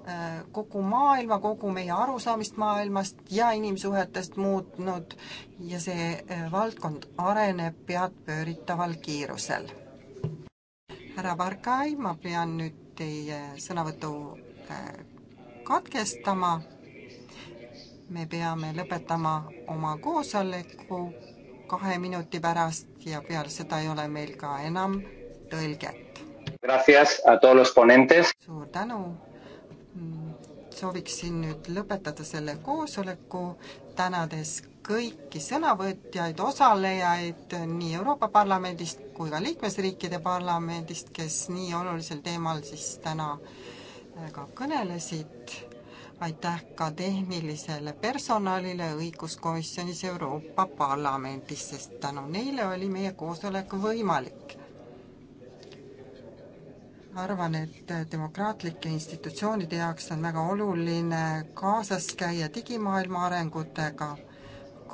äh, kogu maailma, kogu meie arusaamist maailmast ja inimsuhetest muutnud ja see äh, valdkond areneb peadpööritaval kiirusel. härra Varkai, ma pean nüüd teie sõnavõtu äh, katkestama. me peame lõpetama oma koosoleku kahe minuti pärast ja peale seda ei ole meil ka enam tõlget. suur tänu. sooviksin nüüd lõpetada selle koosoleku, tänades kõiki sõnavõtjaid, osalejaid nii Euroopa Parlamendist kui ka liikmesriikide parlamendist, kes nii olulisel teemal siis täna ka kõnelesid aitäh ka tehnilisele personalile õiguskomisjonis Euroopa Parlamendis, sest tänu neile oli meie koosolek võimalik. arvan, et demokraatlike institutsioonide jaoks on väga oluline kaasas käia digimaailma arengutega.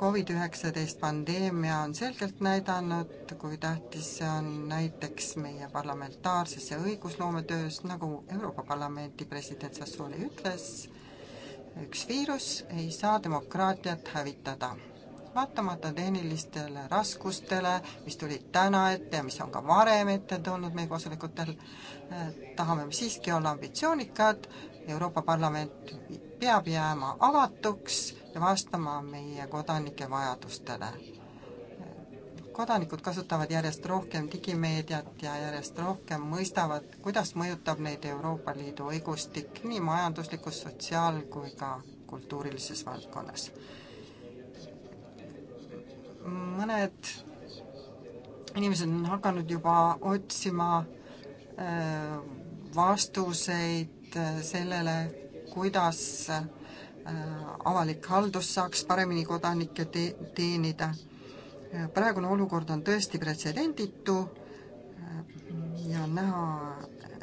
Covid-19 pandeemia on selgelt näidanud, kui tähtis see on näiteks meie parlamentaarses ja õigusloometöös, nagu Euroopa Parlamendi president Sassoli ütles üks viirus ei saa demokraatiat hävitada. vaatamata tehnilistele raskustele, mis tulid täna ette ja mis on ka varem ette tulnud meie koosolekutel, eh, tahame me siiski olla ambitsioonikad, Euroopa Parlament peab jääma avatuks ja vastama meie kodanike vajadustele kodanikud kasutavad järjest rohkem digimeediat ja järjest rohkem mõistavad, kuidas mõjutab neid Euroopa Liidu õigustik nii majanduslikus, sotsiaal- kui ka kultuurilises valdkonnas. mõned inimesed on hakanud juba otsima äh, vastuseid äh, sellele, kuidas äh, avalik haldus saaks paremini kodanikke te-, teenida praegune olukord on tõesti pretsedenditu äh, ja näha äh,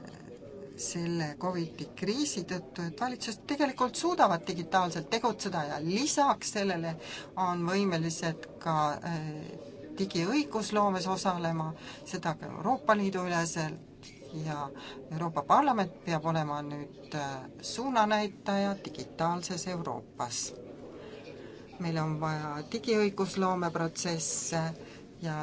selle Covidi kriisi tõttu, et valitsused tegelikult suudavad digitaalselt tegutseda ja lisaks sellele on võimelised ka äh, digiõigusloomes osalema, seda ka Euroopa Liidu üleselt ja Euroopa Parlament peab olema nüüd suunanäitaja digitaalses Euroopas meil on vaja digiõigusloome protsesse ja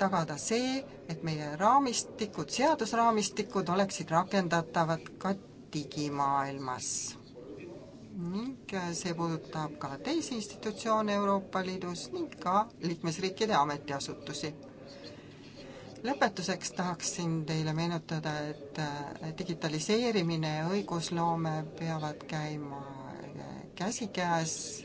tagada see, et meie raamistikud, seadusraamistikud oleksid rakendatavad ka digimaailmas. ning äh, see puudutab ka teisi institutsioone Euroopa Liidus ning ka liikmesriikide ametiasutusi. lõpetuseks tahaksin teile meenutada, et äh, digitaliseerimine ja õigusloome peavad käima äh, käsikäes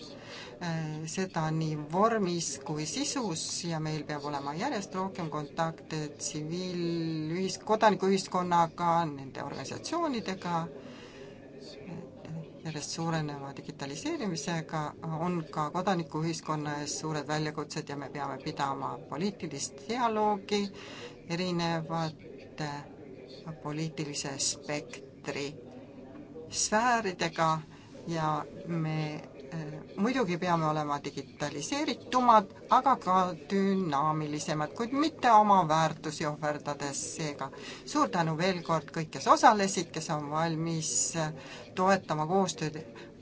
Äh, seda nii vormis kui sisus ja meil peab olema järjest rohkem kontakte tsiviilühis-, kodanikuühiskonnaga, nende organisatsioonidega, järjest suureneva digitaliseerimisega on ka kodanikuühiskonna ees suured väljakutsed ja me peame pidama poliitilist dialoogi erinevate poliitilise spektri sfääridega ja me Äh, muidugi peame olema digitaliseeritumad, aga ka dünaamilisemad, kuid mitte oma väärtusi ohverdades, seega suur tänu veel kord kõik, kes osalesid, kes on valmis äh, toetama koostööd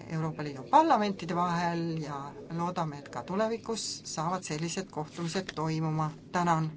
Euroopa Liidu parlamentide vahel ja loodame, et ka tulevikus saavad sellised kohtumised toimuma, tänan!